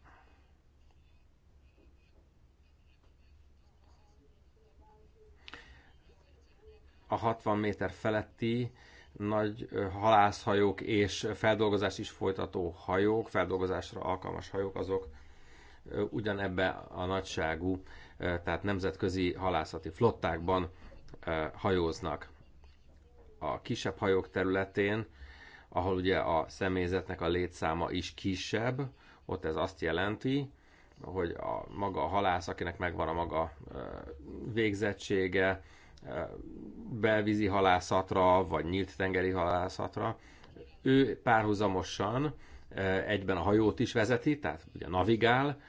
a 60 méter feletti nagy halászhajók és feldolgozást is folytató hajók, feldolgozásra alkalmas hajók, azok ugyanebbe a nagyságú, tehát nemzetközi halászati flottákban hajóznak. A kisebb hajók területén, ahol ugye a személyzetnek a létszáma is kisebb, ott ez azt jelenti, hogy a maga a halász, akinek megvan a maga végzettsége, belvízi halászatra, vagy nyílt tengeri halászatra. Ő párhuzamosan e, egyben a hajót is vezeti, tehát ugye navigál,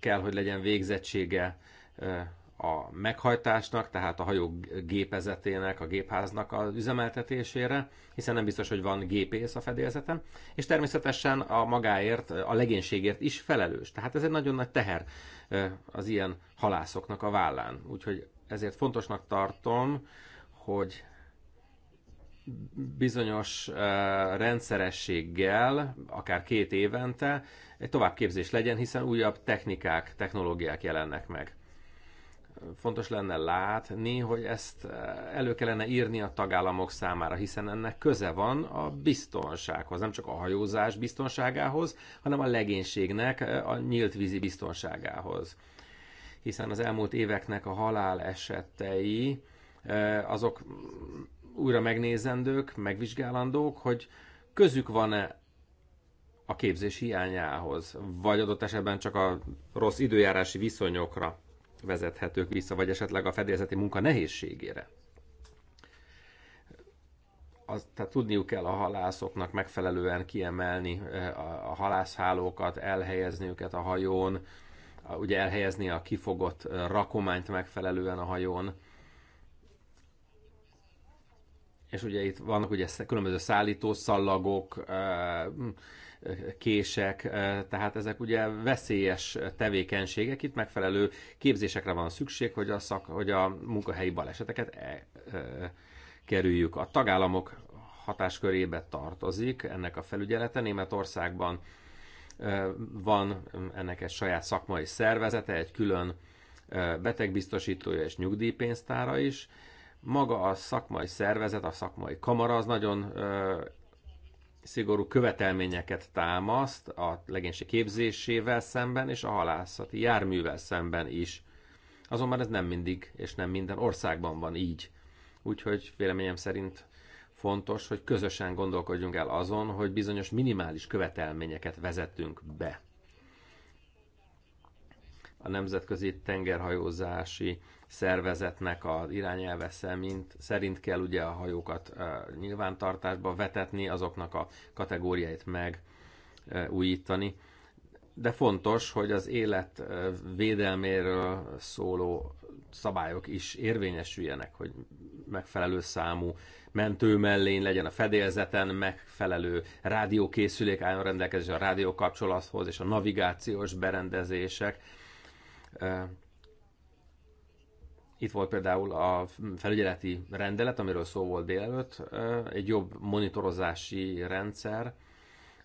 kell, hogy legyen végzettsége e, a meghajtásnak, tehát a hajó gépezetének, a gépháznak az üzemeltetésére, hiszen nem biztos, hogy van gépész a fedélzeten, és természetesen a magáért, a legénységért is felelős. Tehát ez egy nagyon nagy teher e, az ilyen halászoknak a vállán. Úgyhogy ezért fontosnak tartom, hogy bizonyos eh, rendszerességgel, akár két évente egy továbbképzés legyen, hiszen újabb technikák, technológiák jelennek meg. Fontos lenne látni, hogy ezt eh, elő kellene írni a tagállamok számára, hiszen ennek köze van a biztonsághoz, nem csak a hajózás biztonságához, hanem a legénységnek eh, a nyílt vízi biztonságához hiszen az elmúlt éveknek a halál esetei e, azok újra megnézendők, megvizsgálandók, hogy közük van-e a képzés hiányához, vagy adott esetben csak a rossz időjárási viszonyokra vezethetők vissza, vagy esetleg a fedélzeti munka nehézségére. Az, tehát tudniuk kell a halászoknak megfelelően kiemelni e, a halászhálókat, elhelyezni őket a hajón, ugye elhelyezni a kifogott rakományt megfelelően a hajón. És ugye itt vannak ugye különböző szállítószallagok, kések, tehát ezek ugye veszélyes tevékenységek, itt megfelelő képzésekre van szükség, hogy a, szak, hogy a munkahelyi baleseteket e, e, kerüljük. A tagállamok hatáskörébe tartozik ennek a felügyelete. Németországban van, ennek egy saját szakmai szervezete, egy külön betegbiztosítója és nyugdíjpénztára is. Maga a szakmai szervezet, a szakmai kamara az nagyon szigorú követelményeket támaszt a legénység képzésével szemben és a halászati járművel szemben is. Azonban ez nem mindig és nem minden országban van így. Úgyhogy véleményem szerint fontos, hogy közösen gondolkodjunk el azon, hogy bizonyos minimális követelményeket vezetünk be. A Nemzetközi Tengerhajózási Szervezetnek az irányelve szerint, szerint kell ugye a hajókat nyilvántartásba vetetni, azoknak a kategóriáit megújítani. De fontos, hogy az élet védelméről szóló szabályok is érvényesüljenek, hogy megfelelő számú mentő mellén, legyen a fedélzeten megfelelő rádiókészülék álljon rendelkezésre a rádiókapcsolathoz és a navigációs berendezések. Itt volt például a felügyeleti rendelet, amiről szó volt délelőtt, egy jobb monitorozási rendszer,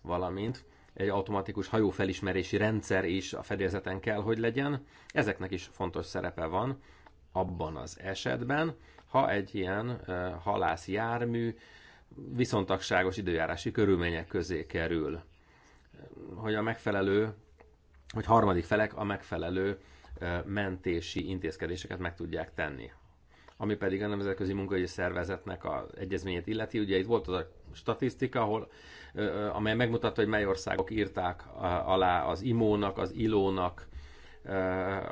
valamint egy automatikus hajófelismerési rendszer is a fedélzeten kell, hogy legyen. Ezeknek is fontos szerepe van abban az esetben, ha egy ilyen halász jármű viszontagságos időjárási körülmények közé kerül, hogy a megfelelő, hogy harmadik felek a megfelelő mentési intézkedéseket meg tudják tenni. Ami pedig a Nemzetközi Munkai Szervezetnek az egyezményét illeti, ugye itt volt az a statisztika, ahol, amely megmutatta, hogy mely országok írták alá az imónak, az ilónak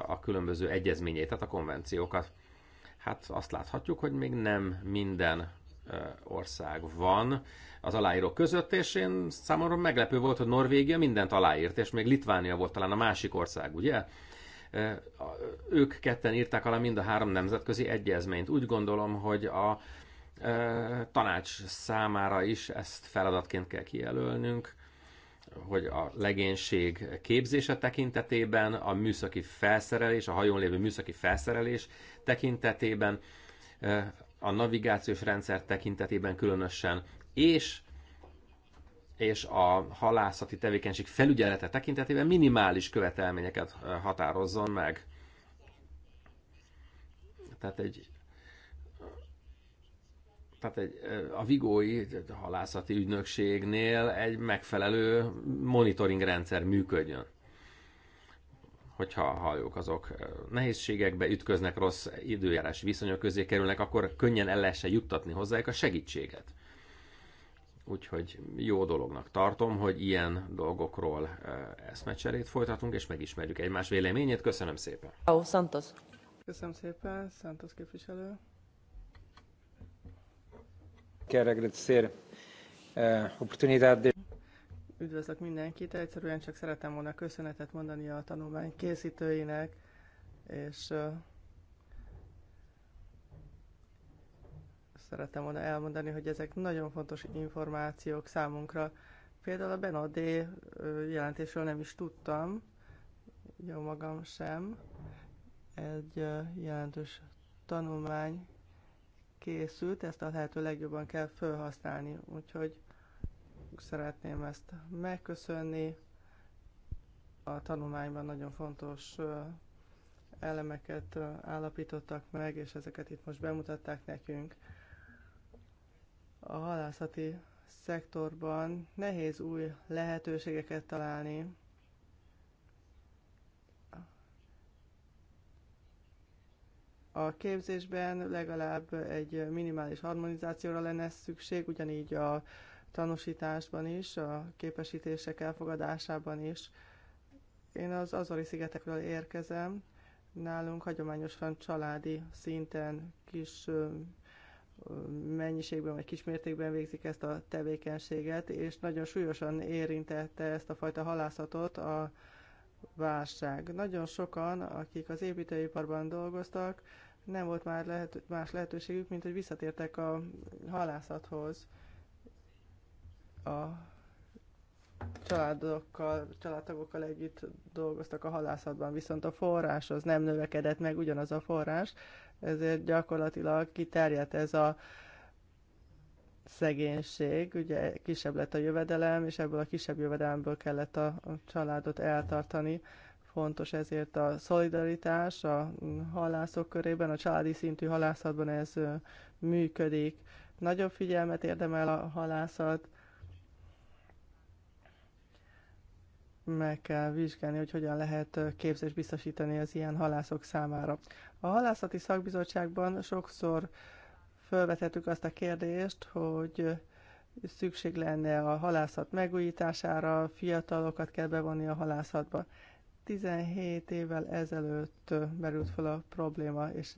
a különböző egyezményét, tehát a konvenciókat hát azt láthatjuk, hogy még nem minden ország van az aláírók között, és én számomra meglepő volt, hogy Norvégia mindent aláírt, és még Litvánia volt talán a másik ország, ugye? Ők ketten írták alá mind a három nemzetközi egyezményt. Úgy gondolom, hogy a tanács számára is ezt feladatként kell kijelölnünk, hogy a legénység képzése tekintetében, a műszaki felszerelés, a hajón lévő műszaki felszerelés tekintetében, a navigációs rendszer tekintetében különösen, és és a halászati tevékenység felügyelete tekintetében minimális követelményeket határozzon meg. Tehát egy tehát egy, a Vigói halászati ügynökségnél egy megfelelő monitoring rendszer működjön. Hogyha a hajók azok nehézségekbe ütköznek, rossz időjárás viszonyok közé kerülnek, akkor könnyen el lehessen juttatni hozzájuk a segítséget. Úgyhogy jó dolognak tartom, hogy ilyen dolgokról eszmecserét folytatunk, és megismerjük egymás véleményét. Köszönöm szépen! Ó, Santos! Köszönöm szépen, Santos képviselő! Quero agradecer eh, a oportunidade de... Üdvözlök mindenkit, egyszerűen csak szeretem volna köszönetet mondani a tanulmány készítőinek, és eh, szerettem volna elmondani, hogy ezek nagyon fontos információk számunkra. Például a Benodé eh, jelentésről nem is tudtam, jó magam sem. Egy jelentős tanulmány készült, ezt a lehető legjobban kell felhasználni. Úgyhogy szeretném ezt megköszönni. A tanulmányban nagyon fontos elemeket állapítottak meg, és ezeket itt most bemutatták nekünk. A halászati szektorban nehéz új lehetőségeket találni, A képzésben legalább egy minimális harmonizációra lenne szükség, ugyanígy a tanúsításban is, a képesítések elfogadásában is. Én az Azori szigetekről érkezem, nálunk hagyományosan családi szinten kis mennyiségben vagy kismértékben végzik ezt a tevékenységet, és nagyon súlyosan érintette ezt a fajta halászatot a válság. Nagyon sokan, akik az építőiparban dolgoztak, nem volt már lehet, más lehetőségük, mint hogy visszatértek a halászathoz. A családokkal, családtagokkal együtt dolgoztak a halászatban, viszont a forrás az nem növekedett meg, ugyanaz a forrás, ezért gyakorlatilag kiterjedt ez a szegénység, ugye kisebb lett a jövedelem, és ebből a kisebb jövedelemből kellett a, a családot eltartani. Fontos ezért a szolidaritás a halászok körében, a családi szintű halászatban ez működik. Nagyobb figyelmet érdemel a halászat, meg kell vizsgálni, hogy hogyan lehet képzést biztosítani az ilyen halászok számára. A halászati szakbizottságban sokszor uh, Fölvetettük azt a kérdést, hogy szükség lenne a halászat megújítására, fiatalokat kell bevonni a halászatba. 17 évvel ezelőtt merült fel a probléma, és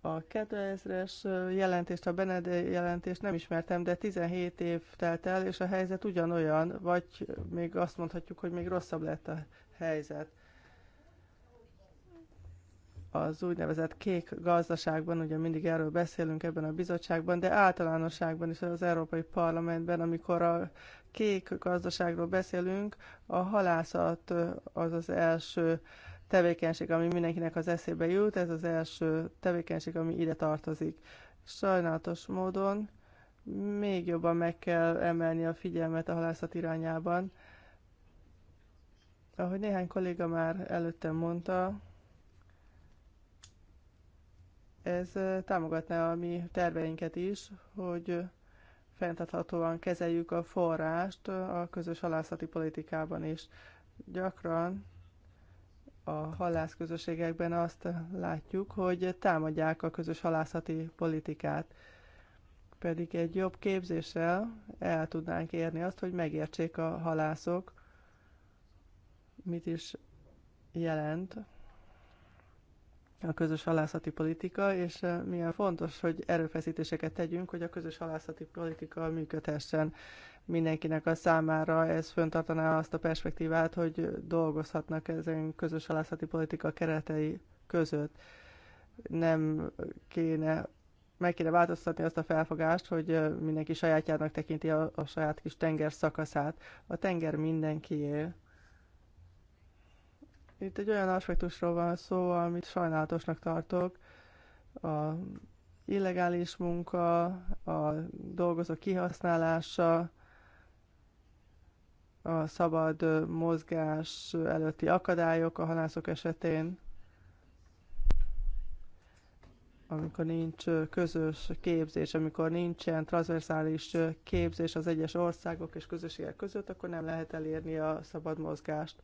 a 2000-es jelentést, a Benedé jelentést nem ismertem, de 17 év telt el, és a helyzet ugyanolyan, vagy még azt mondhatjuk, hogy még rosszabb lett a helyzet az úgynevezett kék gazdaságban, ugye mindig erről beszélünk ebben a bizottságban, de általánosságban is az Európai Parlamentben, amikor a kék gazdaságról beszélünk, a halászat az az első tevékenység, ami mindenkinek az eszébe jut, ez az első tevékenység, ami ide tartozik. Sajnálatos módon még jobban meg kell emelni a figyelmet a halászat irányában. Ahogy néhány kolléga már előttem mondta, ez támogatná a mi terveinket is, hogy fenntarthatóan kezeljük a forrást a közös halászati politikában is. Gyakran a halászközösségekben azt látjuk, hogy támadják a közös halászati politikát. Pedig egy jobb képzéssel el tudnánk érni azt, hogy megértsék a halászok, mit is jelent a közös halászati politika, és eh, milyen fontos, hogy erőfeszítéseket tegyünk, hogy a közös halászati politika működhessen mindenkinek a számára. Ez föntartaná azt a perspektívát, hogy dolgozhatnak ezen közös halászati politika keretei között. Nem kéne meg kéne változtatni azt a felfogást, hogy eh, mindenki sajátjának tekinti a, a saját kis tenger szakaszát. A tenger mindenkié, itt egy olyan aspektusról van szó, amit sajnálatosnak tartok. A illegális munka, a dolgozók kihasználása, a szabad mozgás előtti akadályok a halászok esetén, amikor nincs közös képzés, amikor nincsen transversális képzés az egyes országok és közösségek között, akkor nem lehet elérni a szabad mozgást.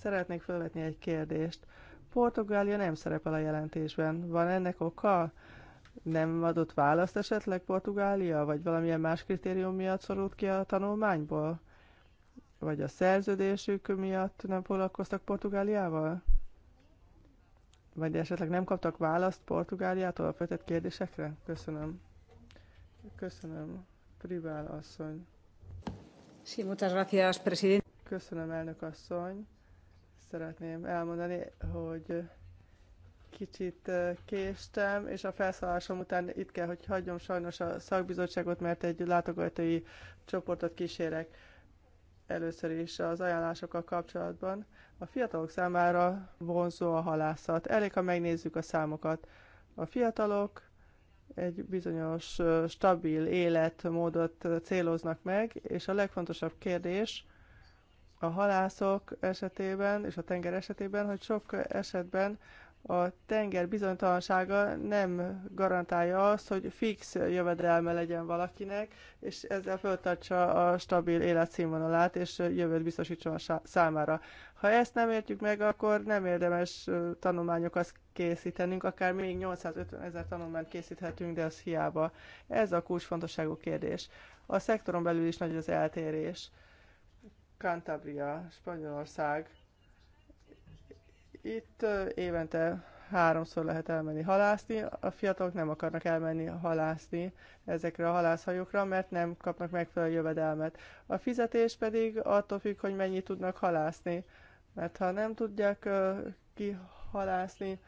Szeretnék felvetni egy kérdést. Portugália nem szerepel a jelentésben. Van ennek oka? Nem adott választ esetleg Portugália, vagy valamilyen más kritérium miatt szorult ki a tanulmányból? Vagy a szerződésük miatt nem foglalkoztak Portugáliával? Vagy esetleg nem kaptak választ Portugáliától a feltett kérdésekre? Köszönöm. Köszönöm. Privál asszony. Sí, muchas gracias, Köszönöm, elnök asszony szeretném elmondani, hogy kicsit késtem, és a felszállásom után itt kell, hogy hagyjam sajnos a szakbizottságot, mert egy látogatói csoportot kísérek először is az ajánlásokkal kapcsolatban. A fiatalok számára vonzó a halászat. Elég, ha megnézzük a számokat. A fiatalok egy bizonyos stabil életmódot céloznak meg, és a legfontosabb kérdés, a halászok esetében és a tenger esetében, hogy sok esetben a tenger bizonytalansága nem garantálja azt, hogy fix jövedelme legyen valakinek, és ezzel föltartsa a stabil életszínvonalát, és jövőt biztosítson a számára. Ha ezt nem értjük meg, akkor nem érdemes tanulmányokat készítenünk, akár még 850 ezer tanulmányt készíthetünk, de az hiába. Ez a kulcsfontosságú kérdés. A szektoron belül is nagy az eltérés Cantabria, Spanyolország. Itt évente háromszor lehet elmenni halászni, a fiatalok nem akarnak elmenni halászni ezekre a halászhajókra, mert nem kapnak megfelelő jövedelmet. A fizetés pedig attól függ, hogy mennyit tudnak halászni, mert ha nem tudják kihalászni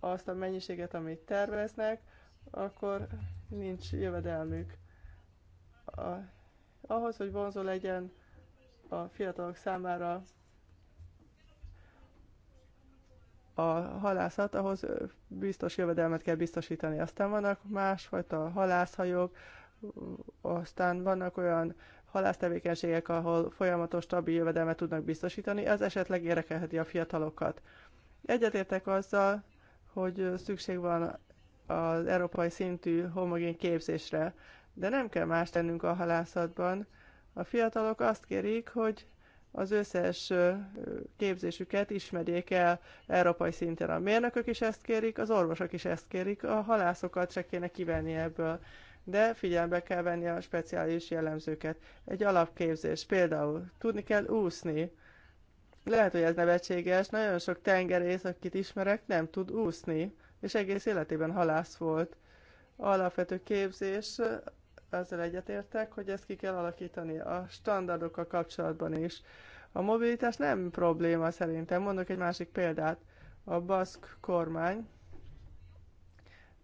azt a mennyiséget, amit terveznek, akkor nincs jövedelmük. A, ahhoz, hogy vonzó legyen a fiatalok számára a halászat, ahhoz biztos jövedelmet kell biztosítani. Aztán vannak másfajta halászhajók, aztán vannak olyan halásztevékenységek, ahol folyamatos, stabil jövedelmet tudnak biztosítani, ez esetleg érekelheti a fiatalokat. Egyetértek azzal, hogy szükség van az európai szintű homogén képzésre, de nem kell más tennünk a halászatban, a fiatalok azt kérik, hogy az összes képzésüket ismerjék el európai szinten. A mérnökök is ezt kérik, az orvosok is ezt kérik, a halászokat se kéne kivenni ebből, de figyelembe kell venni a speciális jellemzőket. Egy alapképzés, például tudni kell úszni. Lehet, hogy ez nevetséges, nagyon sok tengerész, akit ismerek, nem tud úszni, és egész életében halász volt. Alapvető képzés ezzel egyetértek, hogy ezt ki kell alakítani a standardokkal kapcsolatban is. A mobilitás nem probléma szerintem. Mondok egy másik példát. A baszk kormány,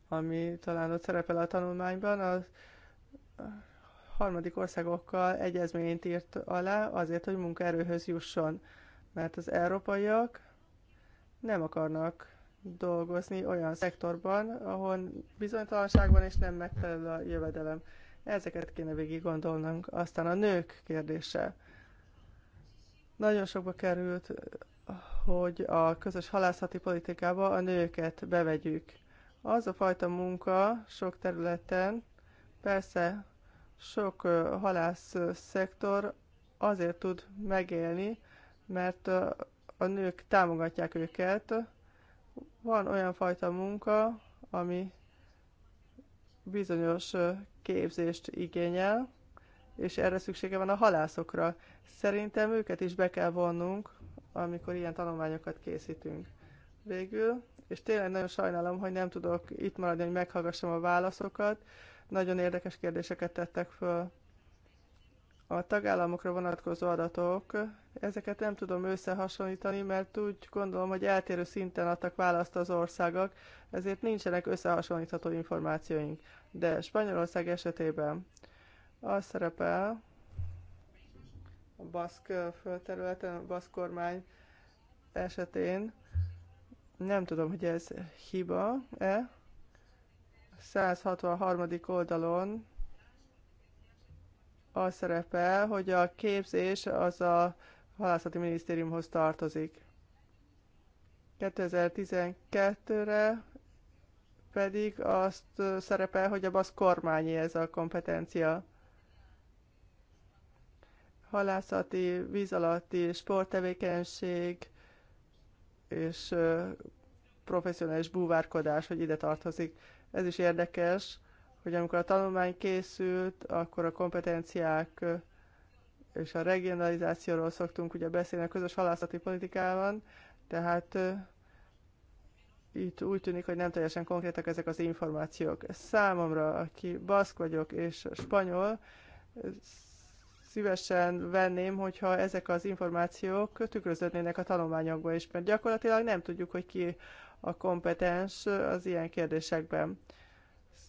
ami talán ott szerepel a tanulmányban, a harmadik országokkal egyezményt írt alá azért, hogy munkaerőhöz jusson. Mert az európaiak nem akarnak dolgozni olyan szektorban, ahol bizonytalanságban és nem megfelelő a jövedelem. Ezeket kéne végig gondolnunk. Aztán a nők kérdése. Nagyon sokba került, hogy a közös halászati politikába a nőket bevegyük. Az a fajta munka sok területen, persze sok halász szektor azért tud megélni, mert a nők támogatják őket. Van olyan fajta munka, ami bizonyos képzést igényel, és erre szüksége van a halászokra. Szerintem őket is be kell vonnunk, amikor ilyen tanulmányokat készítünk. Végül, és tényleg nagyon sajnálom, hogy nem tudok itt maradni, hogy meghallgassam a válaszokat. Nagyon érdekes kérdéseket tettek föl. A tagállamokra vonatkozó adatok, ezeket nem tudom összehasonlítani, mert úgy gondolom, hogy eltérő szinten adtak választ az országok, ezért nincsenek összehasonlítható információink. De Spanyolország esetében az szerepel, a baszk földterületen, a baszk kormány esetén, nem tudom, hogy ez hiba-e, 163. oldalon az szerepel, hogy a képzés az a halászati minisztériumhoz tartozik. 2012-re pedig azt szerepel, hogy a basz kormányi ez a kompetencia. Halászati, víz alatti, sporttevékenység és professzionális búvárkodás, hogy ide tartozik. Ez is érdekes, hogy amikor a tanulmány készült, akkor a kompetenciák és a regionalizációról szoktunk ugye beszélni a közös halászati politikában, tehát itt úgy tűnik, hogy nem teljesen konkrétak ezek az információk. Számomra, aki baszk vagyok és spanyol, szívesen venném, hogyha ezek az információk tükröződnének a tanulmányokba is, mert gyakorlatilag nem tudjuk, hogy ki a kompetens az ilyen kérdésekben.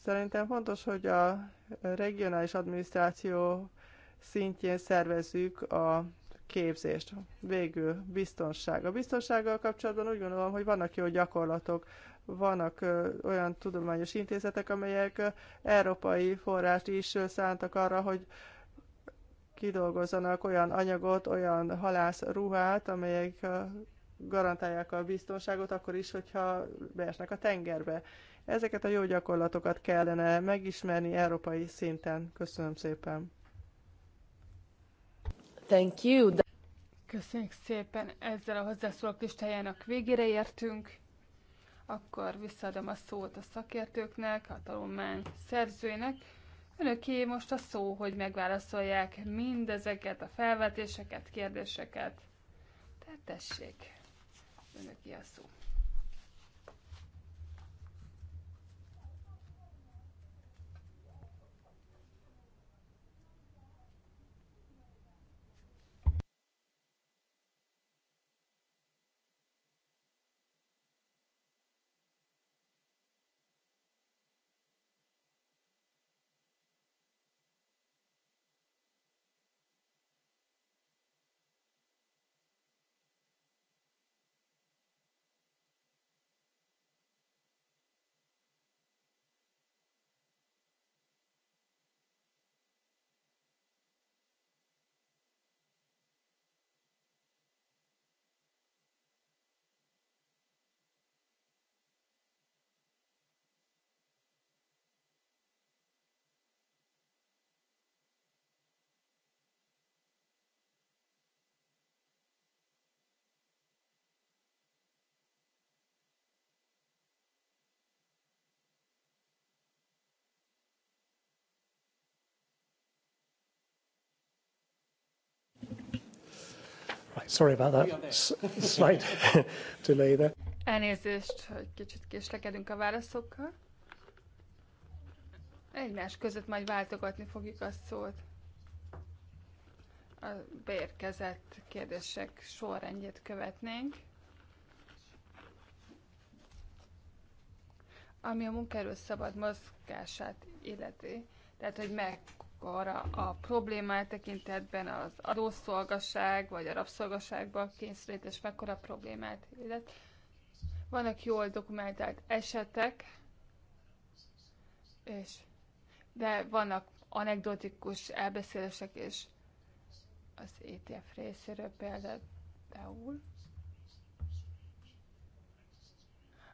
Szerintem fontos, hogy a regionális adminisztráció szintjén szervezzük a képzést. Végül biztonság. A biztonsággal kapcsolatban úgy gondolom, hogy vannak jó gyakorlatok. Vannak ö, olyan tudományos intézetek, amelyek ö, európai forrást is ö, szántak arra, hogy kidolgozzanak olyan anyagot, olyan halász ruhát, amelyek garantálják a biztonságot, akkor is, hogyha beesnek a tengerbe. Ezeket a jó gyakorlatokat kellene megismerni európai szinten. Köszönöm szépen. Thank you. Köszönjük szépen. Ezzel a hozzászólók listájának végére értünk. Akkor visszaadom a szót a szakértőknek, a tanulmány szerzőinek. Önöké most a szó, hogy megválaszolják mindezeket a felvetéseket, kérdéseket. Tehát tessék, önöké a szó. Sorry about that. Slight (laughs) delay there. Elnézést, hogy kicsit késlekedünk a válaszokkal. Egymás között majd váltogatni fogjuk a szót. A beérkezett kérdések sorrendjét követnénk. Ami a munkaerő szabad mozgását illeti, tehát hogy meg akkor a, a problémát tekintetben az adószolgaság vagy a rabszolgaságba kényszerítés mekkora problémát illet. Vannak jól dokumentált esetek, és, de vannak anekdotikus elbeszélések és az ETF részéről például.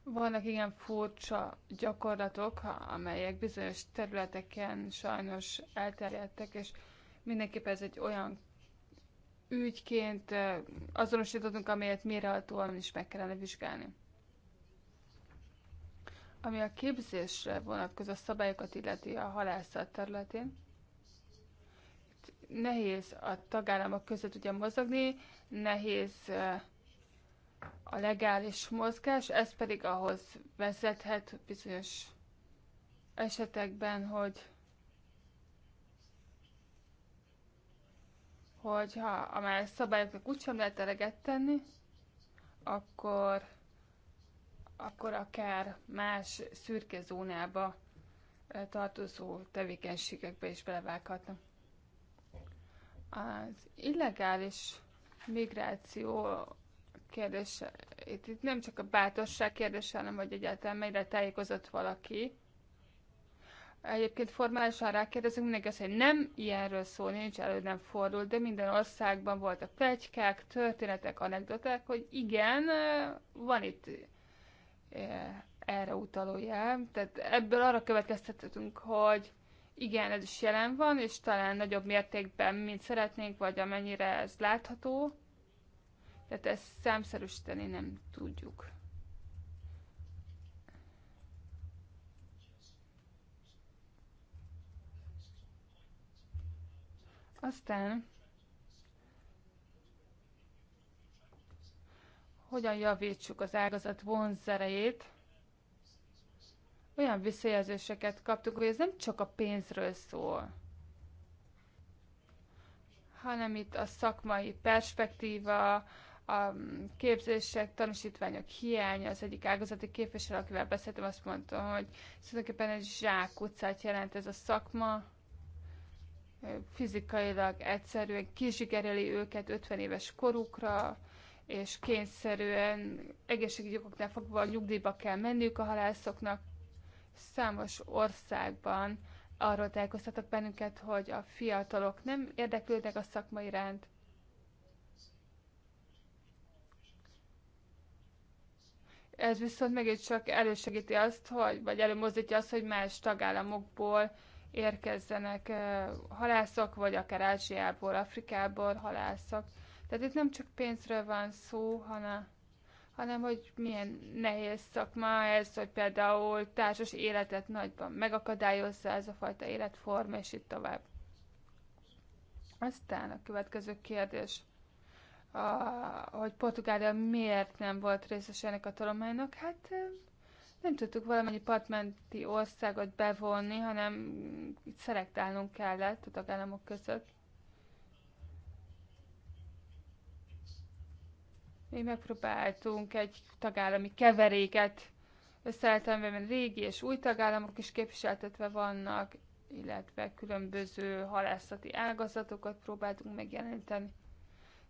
Vannak igen furcsa gyakorlatok, amelyek bizonyos területeken sajnos elterjedtek, és mindenképpen ez egy olyan ügyként azonosítottunk, amelyet mérhetően is meg kellene vizsgálni. Ami a képzésre vonatkozó szabályokat illeti a halászat területén, nehéz a tagállamok között ugye mozogni, nehéz a legális mozgás, ez pedig ahhoz vezethet bizonyos esetekben, hogy hogyha amely szabályoknak úgysem lehet eleget tenni, akkor, akkor akár más szürke zónába tartozó tevékenységekbe is belevághatnak. Az illegális migráció kérdés. Itt, itt nem csak a bátorság kérdése, hanem hogy egyáltalán mennyire tájékozott valaki. Egyébként formálisan rákérdezünk mindenki azt, hogy nem ilyenről szó nincs, elő nem fordult, de minden országban voltak plegykák, történetek, anekdoták, hogy igen, van itt eh, erre utaló jel. Tehát ebből arra következtethetünk, hogy igen, ez is jelen van, és talán nagyobb mértékben, mint szeretnénk, vagy amennyire ez látható. Tehát ezt számszerűsíteni nem tudjuk. Aztán hogyan javítsuk az ágazat vonzerejét. Olyan visszajelzéseket kaptuk, hogy ez nem csak a pénzről szól, hanem itt a szakmai perspektíva, a képzések, tanúsítványok hiánya. Az egyik ágazati képviselő, akivel beszéltem, azt mondta, hogy tulajdonképpen egy zsákutcát jelent ez a szakma, fizikailag egyszerűen kizsigereli őket 50 éves korukra, és kényszerűen egészségügyi okoknál fogva a nyugdíjba kell menniük a halászoknak. Számos országban arról tájékoztatok bennünket, hogy a fiatalok nem érdeklődnek a szakma iránt, Ez viszont megint csak elősegíti azt, hogy, vagy előmozdítja azt, hogy más tagállamokból érkezzenek halászok, vagy akár Ázsiából, Afrikából halászok. Tehát itt nem csak pénzről van szó, hanem, hanem hogy milyen nehéz szakma ez, hogy például társas életet nagyban megakadályozza ez a fajta életforma, és itt tovább. Aztán a következő kérdés a, hogy Portugália miért nem volt részes ennek a tolománynak, hát nem tudtuk valamennyi partmenti országot bevonni, hanem itt szelektálnunk kellett a tagállamok között. Mi megpróbáltunk egy tagállami keveréket összeállítani, mert régi és új tagállamok is képviseltetve vannak, illetve különböző halászati ágazatokat próbáltunk megjeleníteni.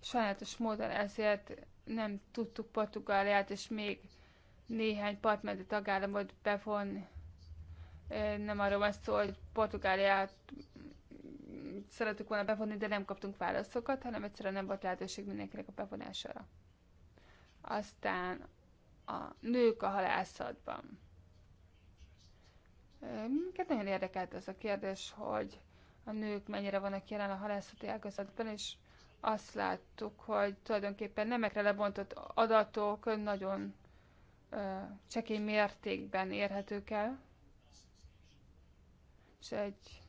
Sajnálatos módon ezért nem tudtuk Portugáliát és még néhány partmenti tagállamot bevonni. Nem arról van szó, hogy Portugáliát szeretük volna bevonni, de nem kaptunk válaszokat, hanem egyszerűen nem volt lehetőség mindenkinek a bevonására. Aztán a nők a halászatban. Minket nagyon érdekelt az a kérdés, hogy a nők mennyire vannak jelen a halászati ágazatban, és azt láttuk, hogy tulajdonképpen nemekre lebontott adatok nagyon csekély mértékben érhetők el. És egy,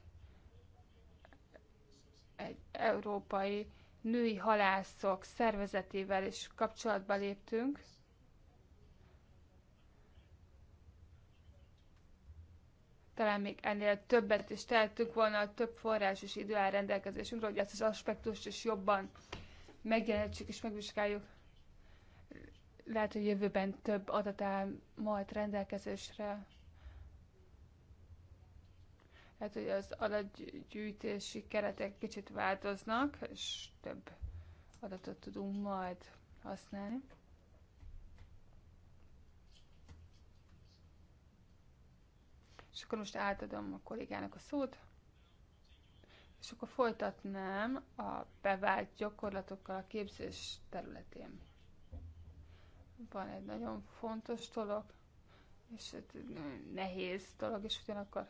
egy európai női halászok szervezetével is kapcsolatba léptünk, talán még ennél többet is tehetünk volna, több forrás és idő áll rendelkezésünkre, hogy ezt az aspektust is jobban megjelenítsük és megvizsgáljuk. Lehet, hogy jövőben több adat áll majd rendelkezésre. Lehet, hogy az adatgyűjtési keretek kicsit változnak, és több adatot tudunk majd használni. És akkor most átadom a kollégának a szót, és akkor folytatnám a bevált gyakorlatokkal a képzés területén. Van egy nagyon fontos dolog, és nehéz dolog, és ugyanakkor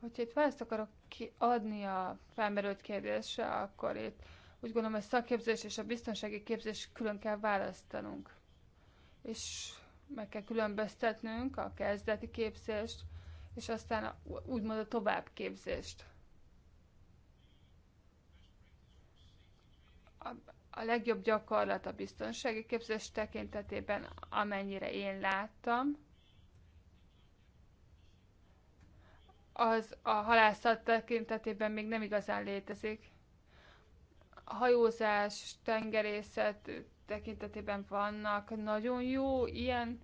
hogyha itt választ akarok adni a felmerült kérdésre, akkor itt úgy gondolom, hogy szakképzés és a biztonsági képzés külön kell választanunk. És meg kell különböztetnünk a kezdeti képzést, és aztán a, úgymond a továbbképzést. A, a legjobb gyakorlat a biztonsági képzés tekintetében, amennyire én láttam, az a halászat tekintetében még nem igazán létezik. A hajózás, tengerészet, tekintetében vannak nagyon jó ilyen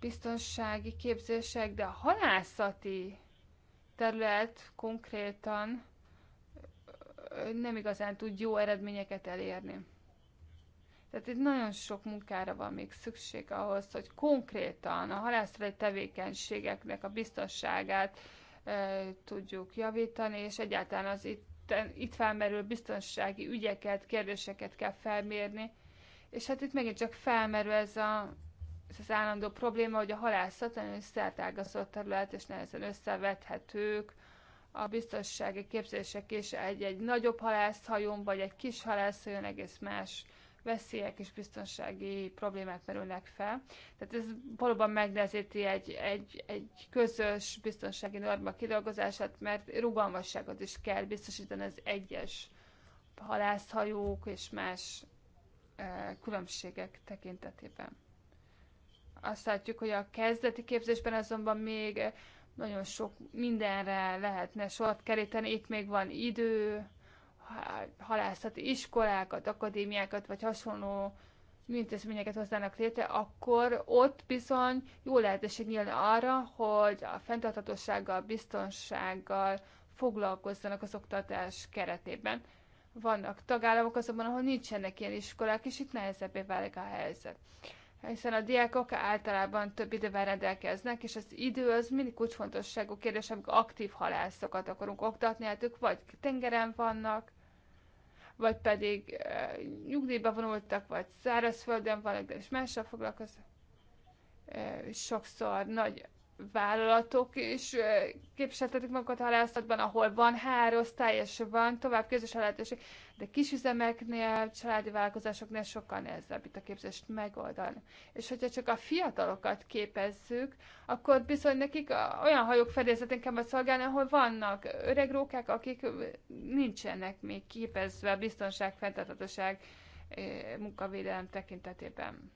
biztonsági képzések, de a halászati terület konkrétan nem igazán tud jó eredményeket elérni. Tehát itt nagyon sok munkára van még szükség ahhoz, hogy konkrétan a halászati tevékenységeknek a biztonságát e, tudjuk javítani, és egyáltalán az itt, itt felmerül biztonsági ügyeket, kérdéseket kell felmérni, és hát itt megint csak felmerül ez, a, ez az állandó probléma, hogy a halászat nagyon terület, és nehezen összevethetők a biztonsági képzések is egy-egy nagyobb halászhajón, vagy egy kis halászhajón egész más veszélyek és biztonsági problémák merülnek fel. Tehát ez valóban megnehezíti egy, egy, egy közös biztonsági norma kidolgozását, mert rugalmasságot is kell biztosítani az egyes halászhajók és más különbségek tekintetében. Azt látjuk, hogy a kezdeti képzésben azonban még nagyon sok mindenre lehetne sort keríteni, itt még van idő, halászati iskolákat, akadémiákat, vagy hasonló intézményeket hoznának létre, akkor ott bizony jó lehetőség nyílna arra, hogy a fenntarthatósággal, biztonsággal foglalkozzanak az oktatás keretében. Vannak tagállamok azonban, ahol nincsenek ilyen iskolák, és itt nehezebbé válik a helyzet. Hiszen a diákok általában több idővel rendelkeznek, és az idő az mindig kulcsfontosságú kérdés, amikor aktív halászokat akarunk oktatni, hát ők vagy tengeren vannak, vagy pedig e, nyugdíjba vonultak, vagy szárazföldön vannak, de is mással foglalkoznak. E, sokszor nagy vállalatok is képviseltetik magukat a halászatban, ahol van hárosztály, és van tovább közös a lehetőség, de kisüzemeknél, családi vállalkozásoknál sokkal nehezebb itt a képzést megoldani. És hogyha csak a fiatalokat képezzük, akkor bizony nekik olyan hajók fedélzetén kell szolgálni, ahol vannak öreg rókák, akik nincsenek még képezve biztonság, fenntartatóság, munkavédelem tekintetében.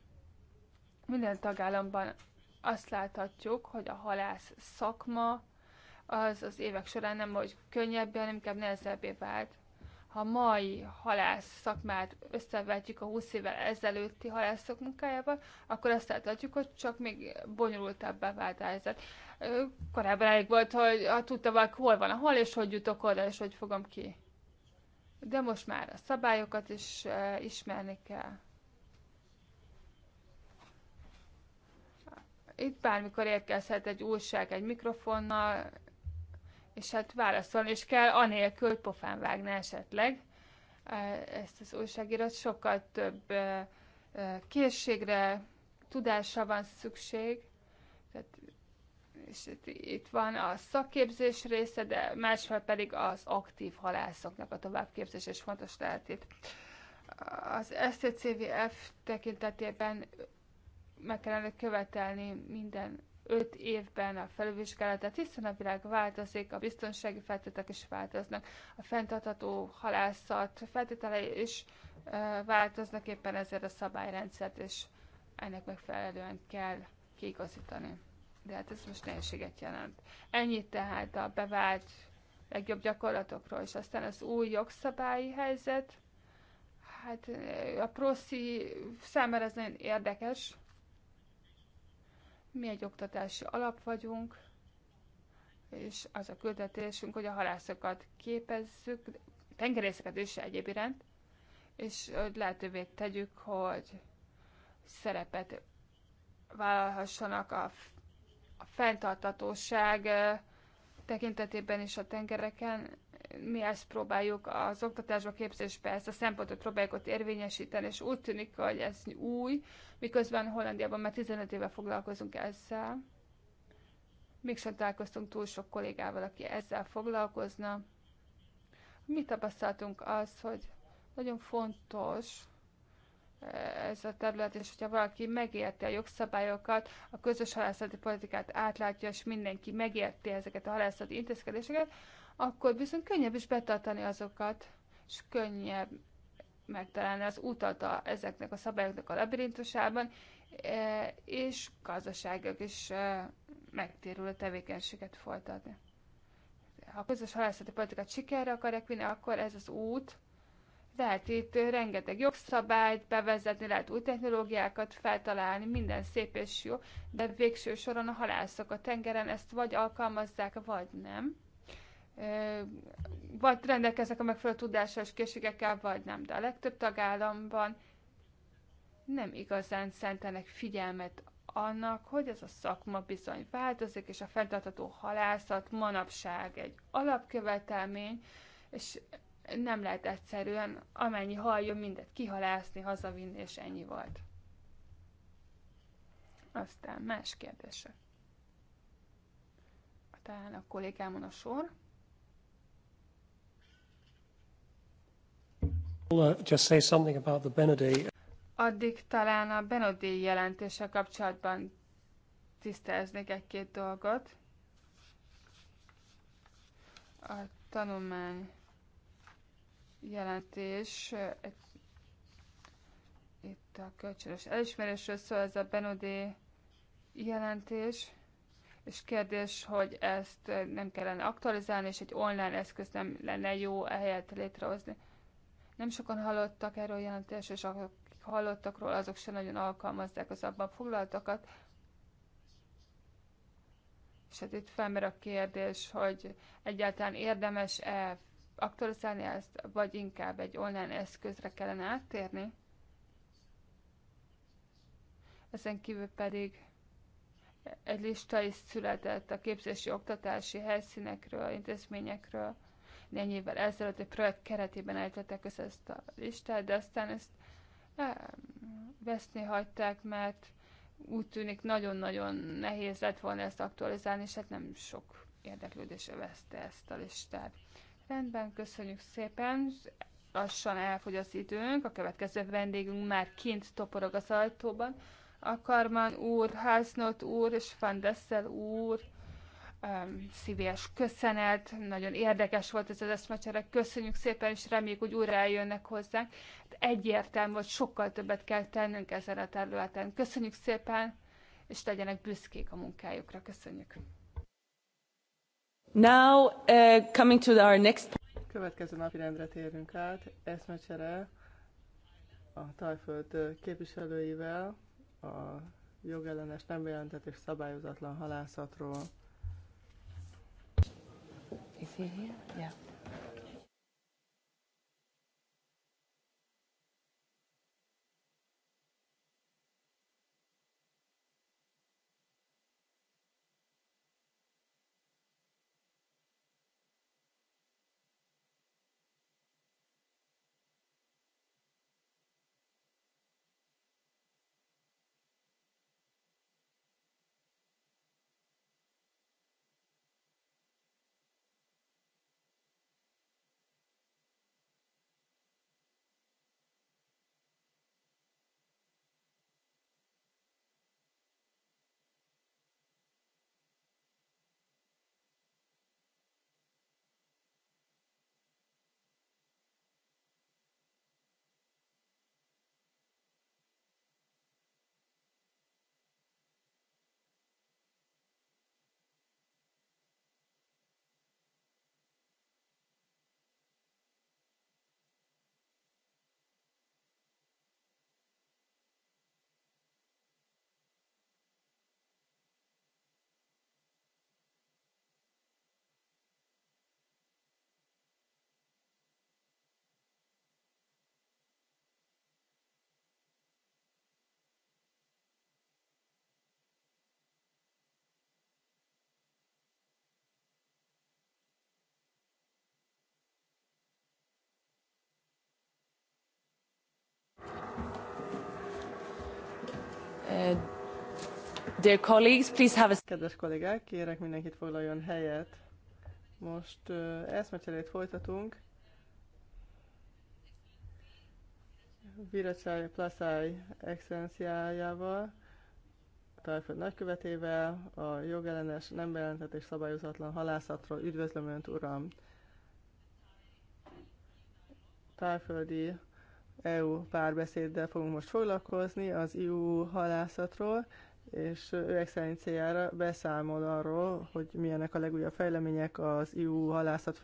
Minden tagállamban azt láthatjuk, hogy a halász szakma az az évek során nem hogy könnyebbé, hanem inkább nehezebbé vált. Ha a mai halász szakmát összevetjük a 20 évvel ezelőtti halászok munkájával, akkor azt láthatjuk, hogy csak még bonyolultabbá vált a helyzet. Korábban elég volt, hogy ha tudta valaki, hol van a hal, és hogy jutok oda, és hogy fogom ki. De most már a szabályokat is ismerni kell. itt bármikor érkezhet egy újság egy mikrofonnal, és hát válaszolni is kell, anélkül, hogy pofán vágna esetleg. Ezt az újságírat sokkal több készségre, tudásra van szükség. Tehát, és itt, itt van a szakképzés része, de másfél pedig az aktív halászoknak a továbbképzés, és fontos lehet itt. Az SCCVF tekintetében meg kellene követelni minden öt évben a felülvizsgálatát, hiszen a világ változik, a biztonsági feltételek is változnak, a fenntartható halászat feltételei is változnak, éppen ezért a szabályrendszert és ennek megfelelően kell kiigazítani. De hát ez most nehézséget jelent. Ennyit tehát a bevált legjobb gyakorlatokról, és aztán az új jogszabályi helyzet, hát a proszi számára ez nagyon érdekes, mi egy oktatási alap vagyunk, és az a küldetésünk, hogy a halászokat képezzük, tengerészeket is egyéb iránt, és hogy lehetővé tegyük, hogy szerepet vállalhassanak a, a fenntartatóság eh, tekintetében is a tengereken, mi ezt próbáljuk az oktatásba, képzésbe, ezt a szempontot próbáljuk ott érvényesíteni, és úgy tűnik, hogy ez új, miközben Hollandiában már 15 éve foglalkozunk ezzel. Mégsem találkoztunk túl sok kollégával, aki ezzel foglalkozna. Mi tapasztaltunk az, hogy nagyon fontos, eh, ez a terület, és hogyha valaki megérti a jogszabályokat, a közös halászati politikát átlátja, és mindenki megérti ezeket a halászati intézkedéseket, akkor viszont könnyebb is betartani azokat, és könnyebb megtalálni az utat a, ezeknek a szabályoknak a labirintusában, e, és gazdaságok is e, megtérül a tevékenységet folytatni. Ha a közös halászati politikát sikerre akarják vinni, akkor ez az út, lehet itt rengeteg jogszabályt bevezetni, lehet új technológiákat feltalálni, minden szép és jó, de végső soron a halászok a tengeren ezt vagy alkalmazzák, vagy nem vagy rendelkeznek a megfelelő tudással és készségekkel, vagy nem. De a legtöbb tagállamban nem igazán szentenek figyelmet annak, hogy ez a szakma bizony változik, és a fenntartható halászat manapság egy alapkövetelmény, és nem lehet egyszerűen amennyi hal jön, mindet kihalászni, hazavinni, és ennyi volt. Aztán más kérdése. Talán a kollégámon a sor. Addig talán a Benodé jelentése kapcsolatban tisztáznék egy-két dolgot. A tanulmány jelentés itt a kölcsönös elismerésről szól ez a Benodé jelentés, és kérdés, hogy ezt nem kellene aktualizálni, és egy online eszköz nem lenne jó ehelyett létrehozni. Nem sokan hallottak erről jelentés, és akik hallottak róla, azok se nagyon alkalmazzák az abban foglaltakat. És hát itt felmer a kérdés, hogy egyáltalán érdemes-e aktualizálni ezt, vagy inkább egy online eszközre kellene áttérni. Ezen kívül pedig egy lista is született a képzési oktatási helyszínekről, intézményekről, néhány évvel ezelőtt egy projekt keretében állították össze ezt a listát, de aztán ezt veszni hagyták, mert úgy tűnik nagyon-nagyon nehéz lett volna ezt aktualizálni, és hát nem sok érdeklődés veszte ezt a listát. Rendben, köszönjük szépen, lassan elfogy az időnk, a következő vendégünk már kint toporog az ajtóban. Akarman úr, háznot úr és Van Dessel úr um, szíves köszönet, nagyon érdekes volt ez az eszmecsere, köszönjük szépen, és reméljük, hogy újra eljönnek hozzánk. Egyértelmű, hogy sokkal többet kell tennünk ezen a területen. Köszönjük szépen, és legyenek büszkék a munkájukra. Köszönjük. Now, uh, coming to our next... Következő napi rendre térünk át, eszmecsere a Tajföld képviselőivel a jogellenes, nem jelentett és szabályozatlan halászatról is he here? yeah. Uh, dear colleagues, please have a... Kedves kollégák, kérek mindenkit foglaljon helyet. Most uh, eszmecserét folytatunk. Viracsály Plaszály excellenciájával, Tajföld nagykövetével, a jogellenes, nem bejelentett és szabályozatlan halászatról üdvözlöm Önt, Uram! Tájföldi EU párbeszéddel fogunk most foglalkozni az EU halászatról, és ő excellenciára beszámol arról, hogy milyenek a legújabb fejlemények az EU halászat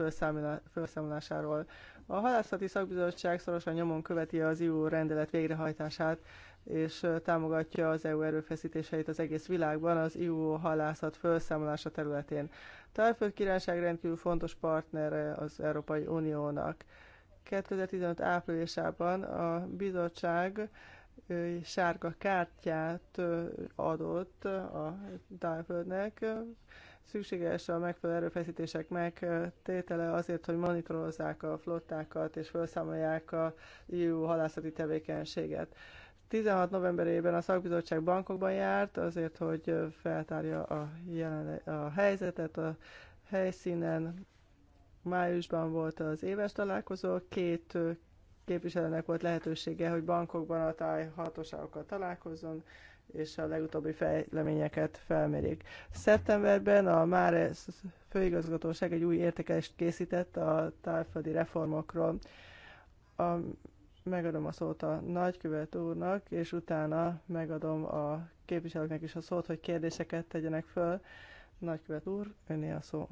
felszámolásáról. A halászati szakbizottság szorosan nyomon követi az EU rendelet végrehajtását, és támogatja az EU erőfeszítéseit az egész világban az EU halászat felszámolása területén. Tájföld Királyság rendkívül fontos partnere az Európai Uniónak. 2015 áprilisában a bizottság sárga kártyát adott a dalföldnek. Szükséges a megfelelő erőfeszítések megtétele azért, hogy monitorozzák a flottákat és felszámolják a EU halászati tevékenységet. 16 novemberében a szakbizottság bankokban járt azért, hogy feltárja a, jelen, a helyzetet a helyszínen, Májusban volt az éves találkozó, két képviselőnek volt lehetősége, hogy bankokban a táj hatóságokkal találkozzon, és a legutóbbi fejleményeket felmérjék. Szeptemberben a már főigazgatóság egy új értékelést készített a tájföldi reformokról. A, megadom a szót a nagykövet úrnak, és utána megadom a képviselőknek is a szót, hogy kérdéseket tegyenek föl. Nagykövet úr, öné a szó.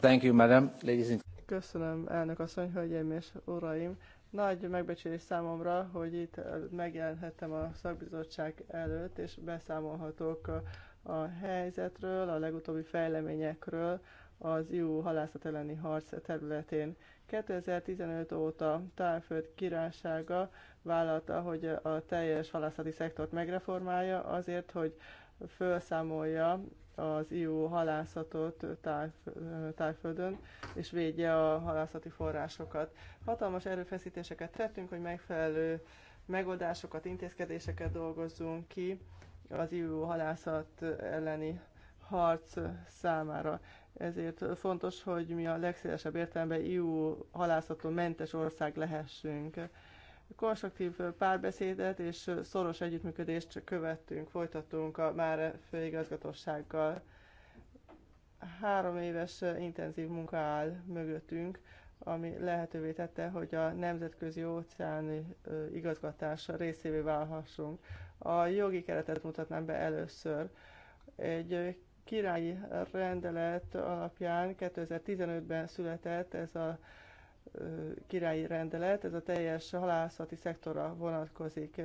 Thank you, madam. Ladies and... Köszönöm, elnök asszony, hölgyeim és uraim. Nagy megbecsülés számomra, hogy itt megjelenhettem a szakbizottság előtt, és beszámolhatok a helyzetről, a legutóbbi fejleményekről az EU halászat elleni harc területén. 2015 óta Tájföld királysága vállalta, hogy a teljes halászati szektort megreformálja azért, hogy felszámolja az IU halászatot tájföldön, és védje a halászati forrásokat. Hatalmas erőfeszítéseket tettünk, hogy megfelelő megoldásokat, intézkedéseket dolgozzunk ki az IU halászat elleni harc számára. Ezért fontos, hogy mi a legszélesebb értelemben EU halászaton mentes ország lehessünk konstruktív párbeszédet és szoros együttműködést követtünk, folytattunk a már főigazgatósággal. Három éves intenzív munka áll mögöttünk, ami lehetővé tette, hogy a nemzetközi óceáni igazgatás részévé válhassunk. A jogi keretet mutatnám be először. Egy királyi rendelet alapján 2015-ben született ez a királyi rendelet, ez a teljes halászati szektorra vonatkozik.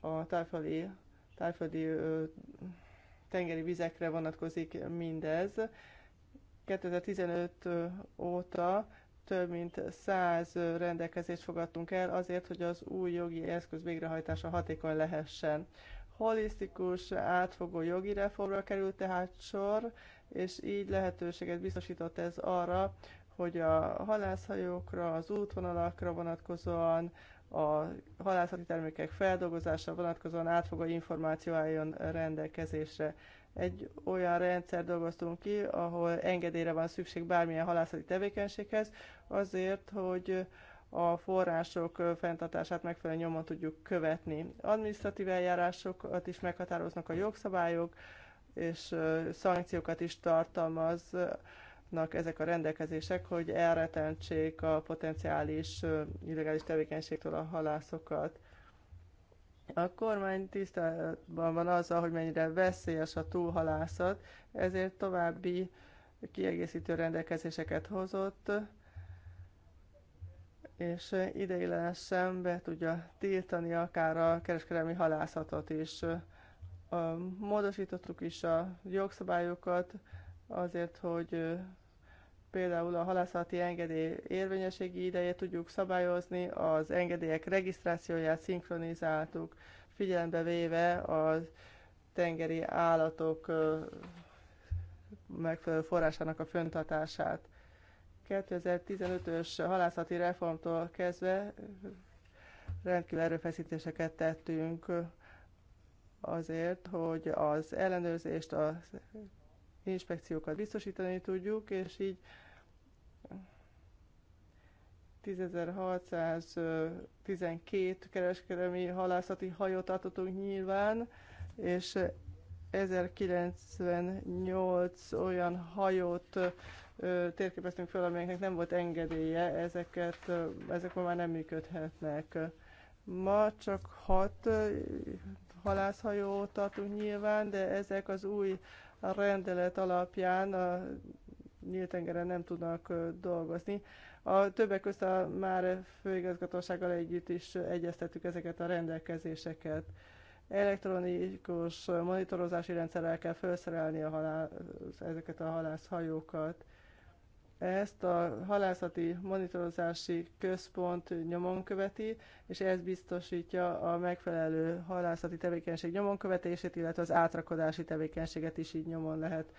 A tájföldi, tájföldi tengeri vizekre vonatkozik mindez. 2015 óta több mint 100 rendelkezést fogadtunk el azért, hogy az új jogi eszköz végrehajtása hatékony lehessen. Holisztikus, átfogó jogi reformra került tehát sor, és így lehetőséget biztosított ez arra, hogy a halászhajókra, az útvonalakra vonatkozóan, a halászati termékek feldolgozása vonatkozóan átfogó információ álljon rendelkezésre. Egy olyan rendszer dolgoztunk ki, ahol engedélyre van szükség bármilyen halászati tevékenységhez, azért, hogy a források fenntartását megfelelő nyomon tudjuk követni. Administratív eljárásokat is meghatároznak a jogszabályok, és szankciókat is tartalmaznak ezek a rendelkezések, hogy elretentsék a potenciális illegális tevékenységtől a halászokat. A kormány tisztában van azzal, hogy mennyire veszélyes a túlhalászat, ezért további kiegészítő rendelkezéseket hozott, és ideiglenesen be tudja tiltani akár a kereskedelmi halászatot is. Módosítottuk is a jogszabályokat azért, hogy például a halászati engedély érvényességi idejét tudjuk szabályozni, az engedélyek regisztrációját szinkronizáltuk, figyelembe véve a tengeri állatok megfelelő forrásának a föntatását. 2015-ös halászati reformtól kezdve rendkívül erőfeszítéseket tettünk azért, hogy az ellenőrzést, az inspekciókat biztosítani tudjuk, és így 10.612 kereskedelmi halászati hajót tartottunk nyilván, és 1098 olyan hajót térképeztünk fel, amelyeknek nem volt engedélye, ezeket, ezek ma már nem működhetnek. Ma csak hat halászhajót tartunk nyilván, de ezek az új rendelet alapján a nyílt tengeren nem tudnak dolgozni. A többek között a már főigazgatósággal együtt is egyeztettük ezeket a rendelkezéseket. Elektronikus monitorozási rendszerrel kell felszerelni a halász, ezeket a halászhajókat. Ezt a halászati monitorozási központ nyomon követi, és ez biztosítja a megfelelő halászati tevékenység nyomon követését, illetve az átrakodási tevékenységet is így nyomon lehet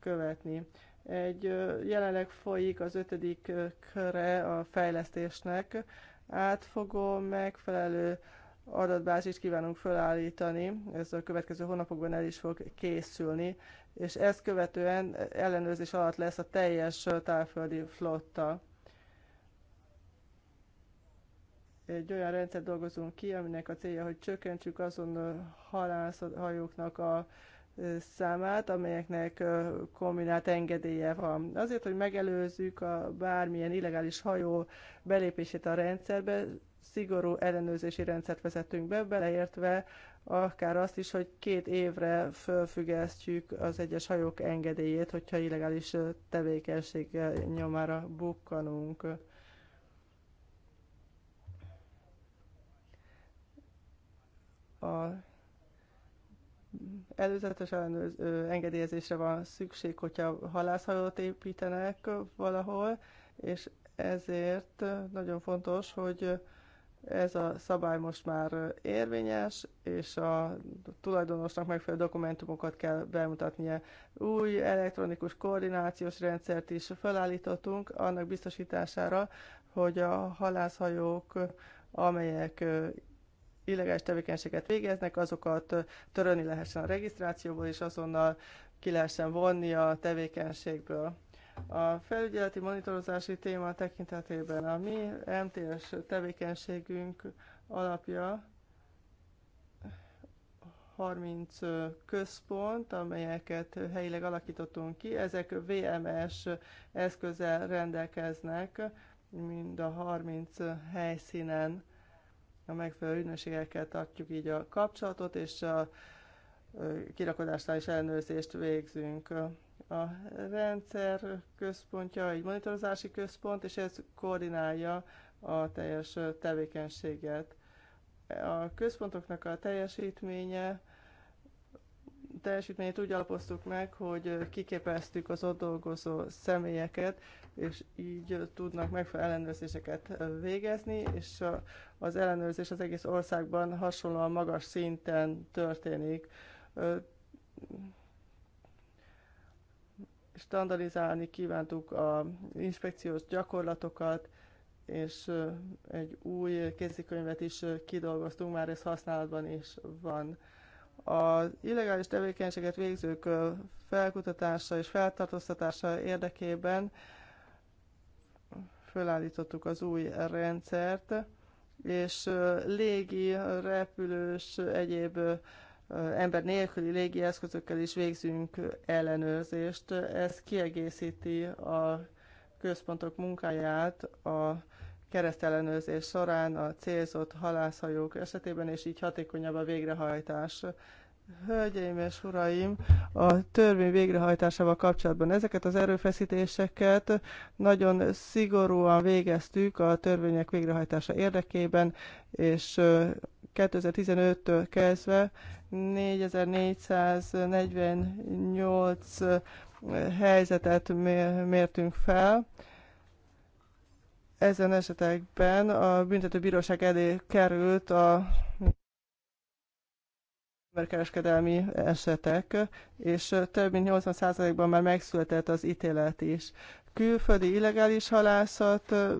követni. Egy jelenleg folyik az ötödik köre a fejlesztésnek, átfogó, megfelelő adatbázist kívánunk felállítani, ez a következő hónapokban el is fog készülni, és ezt követően ellenőrzés alatt lesz a teljes tájföldi flotta. Egy olyan rendszer dolgozunk ki, aminek a célja, hogy csökkentsük azon halászhajóknak a számát, amelyeknek kombinált engedélye van. Azért, hogy megelőzzük a bármilyen illegális hajó belépését a rendszerbe, szigorú ellenőrzési rendszert vezetünk be, beleértve akár azt is, hogy két évre fölfüggesztjük az egyes hajók engedélyét, hogyha illegális tevékenység nyomára bukkanunk. A előzetes ellenőz, engedélyezésre van szükség, hogyha halászhajót építenek valahol, és ezért nagyon fontos, hogy ez a szabály most már érvényes, és a tulajdonosnak megfelelő dokumentumokat kell bemutatnia. Új elektronikus koordinációs rendszert is felállítottunk annak biztosítására, hogy a halászhajók, amelyek illegális tevékenységet végeznek, azokat törölni lehessen a regisztrációból, és azonnal ki lehessen vonni a tevékenységből. A felügyeleti monitorozási téma tekintetében a mi MTS tevékenységünk alapja 30 központ, amelyeket helyileg alakítottunk ki. Ezek VMS eszközzel rendelkeznek mind a 30 helyszínen. A megfelelő ügynökségekkel tartjuk így a kapcsolatot, és a kirakodásnál is ellenőrzést végzünk a rendszer központja, egy monitorozási központ, és ez koordinálja a teljes tevékenységet. A központoknak a teljesítménye, teljesítményét úgy alapoztuk meg, hogy kiképeztük az ott dolgozó személyeket, és így tudnak megfelelő ellenőrzéseket végezni, és az ellenőrzés az egész országban hasonlóan magas szinten történik standardizálni kívántuk a inspekciós gyakorlatokat, és egy új kézikönyvet is kidolgoztunk, már ez használatban is van. Az illegális tevékenységet végzők felkutatása és feltartóztatása érdekében fölállítottuk az új rendszert, és légi, repülős, egyéb ember nélküli eszközökkel is végzünk ellenőrzést. Ez kiegészíti a központok munkáját a keresztellenőrzés során a célzott halászhajók esetében, és így hatékonyabb a végrehajtás. Hölgyeim és uraim, a törvény végrehajtásával kapcsolatban ezeket az erőfeszítéseket nagyon szigorúan végeztük a törvények végrehajtása érdekében, és 2015-től kezdve 4448 eh, helyzetet mértünk fel. Ezen esetekben a büntetőbíróság elé került a emberkereskedelmi esetek, és több mint 80%-ban már megszületett az ítélet is. Külföldi illegális halászat eh,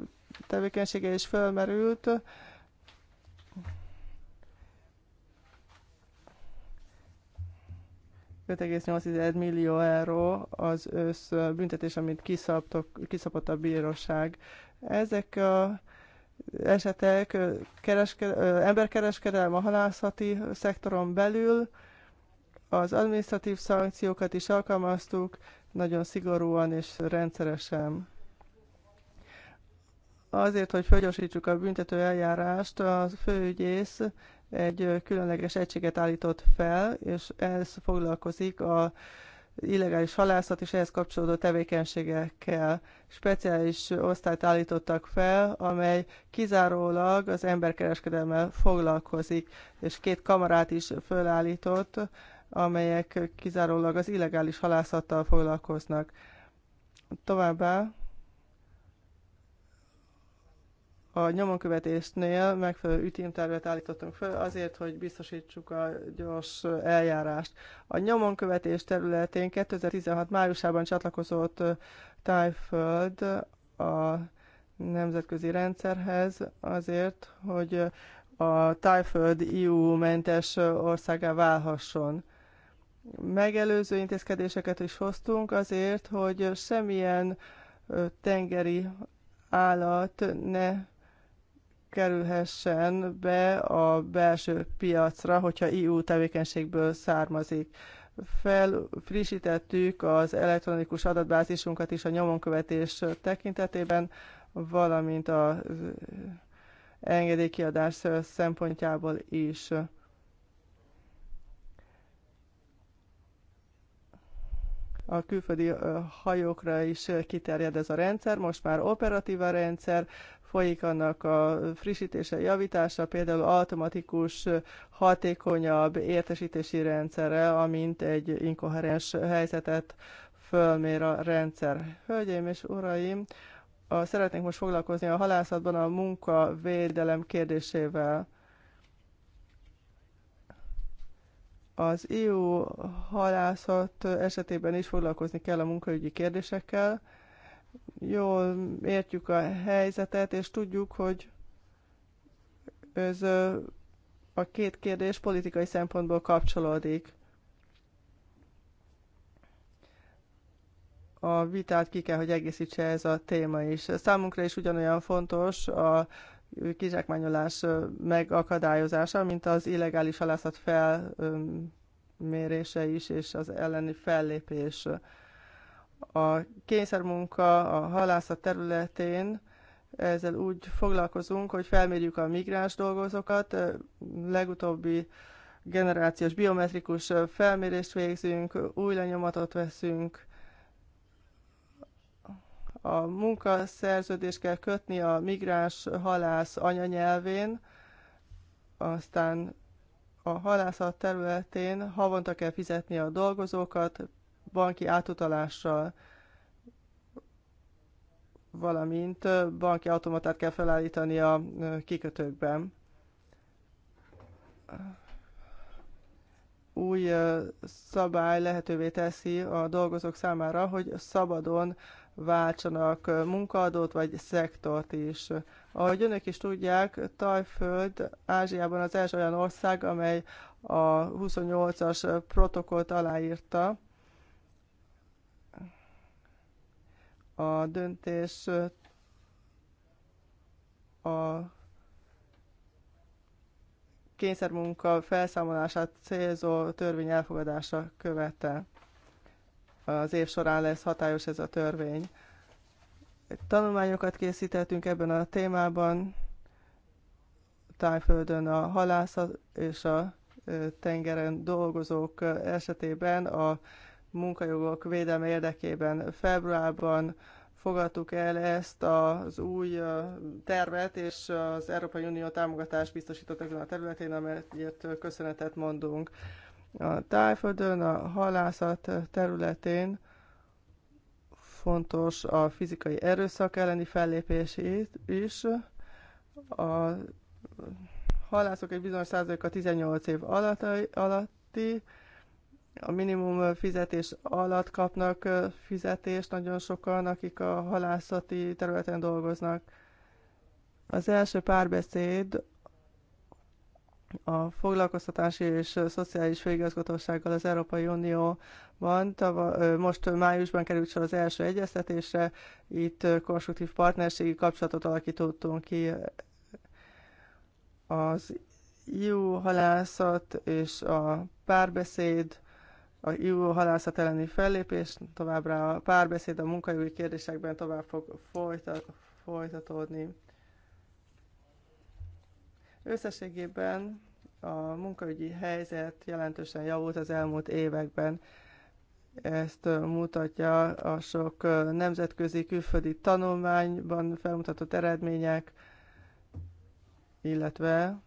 tevékenysége is felmerült, 5,8 millió euró az össz büntetés, amit kiszabtok, kiszabott a bíróság. Ezek a esetek kereske, emberkereskedelme a halászati szektoron belül, az administratív szankciókat is alkalmaztuk, nagyon szigorúan és rendszeresen. Azért, hogy fölgyorsítsuk a büntető eljárást, a főügyész egy különleges egységet állított fel, és ez foglalkozik a illegális halászat és ehhez kapcsolódó tevékenységekkel. Speciális osztályt állítottak fel, amely kizárólag az emberkereskedelmel foglalkozik, és két kamarát is fölállított, amelyek kizárólag az illegális halászattal foglalkoznak. Továbbá a nyomonkövetésnél megfelelő ütimtervet állítottunk föl azért, hogy biztosítsuk a gyors eljárást. A nyomonkövetés területén 2016 májusában csatlakozott Tájföld a nemzetközi rendszerhez azért, hogy a Tájföld EU-mentes országá válhasson. Megelőző intézkedéseket is hoztunk azért, hogy semmilyen tengeri állat ne kerülhessen be a belső piacra, hogyha EU tevékenységből származik. Felfrissítettük az elektronikus adatbázisunkat is a nyomonkövetés tekintetében, valamint a engedélykiadás szempontjából is. a külföldi hajókra is kiterjed ez a rendszer, most már operatív a rendszer, folyik annak a frissítése, javítása, például automatikus, hatékonyabb értesítési rendszerrel, amint egy inkoherens helyzetet fölmér a rendszer. Hölgyeim és uraim, a, szeretnénk most foglalkozni a halászatban a munkavédelem kérdésével. Az EU halászat esetében is foglalkozni kell a munkaügyi kérdésekkel, jól értjük a helyzetet, és tudjuk, hogy ez a két kérdés politikai szempontból kapcsolódik. A vitát ki kell, hogy egészítse ez a téma is. Számunkra is ugyanolyan fontos a kizsákmányolás megakadályozása, mint az illegális halászat felmérése is, és az elleni fellépés. A kényszermunka a halászat területén ezzel úgy foglalkozunk, hogy felmérjük a migráns dolgozókat, legutóbbi generációs biometrikus felmérést végzünk, új lenyomatot veszünk, a munkaszerződést kell kötni a migráns halász anyanyelvén, aztán a halászat területén havonta kell fizetni a dolgozókat, banki átutalással, valamint banki automatát kell felállítani a kikötőkben. Új szabály lehetővé teszi a dolgozók számára, hogy szabadon váltsanak munkaadót vagy szektort is. Ahogy önök is tudják, Tajföld Ázsiában az első olyan ország, amely a 28-as protokollt aláírta, A döntés a kényszermunka felszámolását célzó törvény elfogadása követel. Az év során lesz hatályos ez a törvény. Tanulmányokat készítettünk ebben a témában, tájföldön a halászat és a tengeren dolgozók esetében a munkajogok védelme érdekében. Februárban fogadtuk el ezt az új tervet, és az Európai Unió támogatást biztosított ezen a területén, amelyet köszönetet mondunk. A tájföldön, a halászat területén fontos a fizikai erőszak elleni fellépés is. A halászok egy bizonyos százaléka 18 év alatti, a minimum fizetés alatt kapnak fizetést nagyon sokan, akik a halászati területen dolgoznak. Az első párbeszéd a foglalkoztatási és szociális főigazgatósággal az Európai Unióban. Tava, most májusban került sor az első egyeztetésre, itt konstruktív partnerségi kapcsolatot alakítottunk ki az EU halászat és a párbeszéd a jó halászat elleni fellépés, továbbra a párbeszéd a munkajogi kérdésekben tovább fog folytatódni. Összességében a munkaügyi helyzet jelentősen javult az elmúlt években. Ezt mutatja a sok nemzetközi külföldi tanulmányban felmutatott eredmények, illetve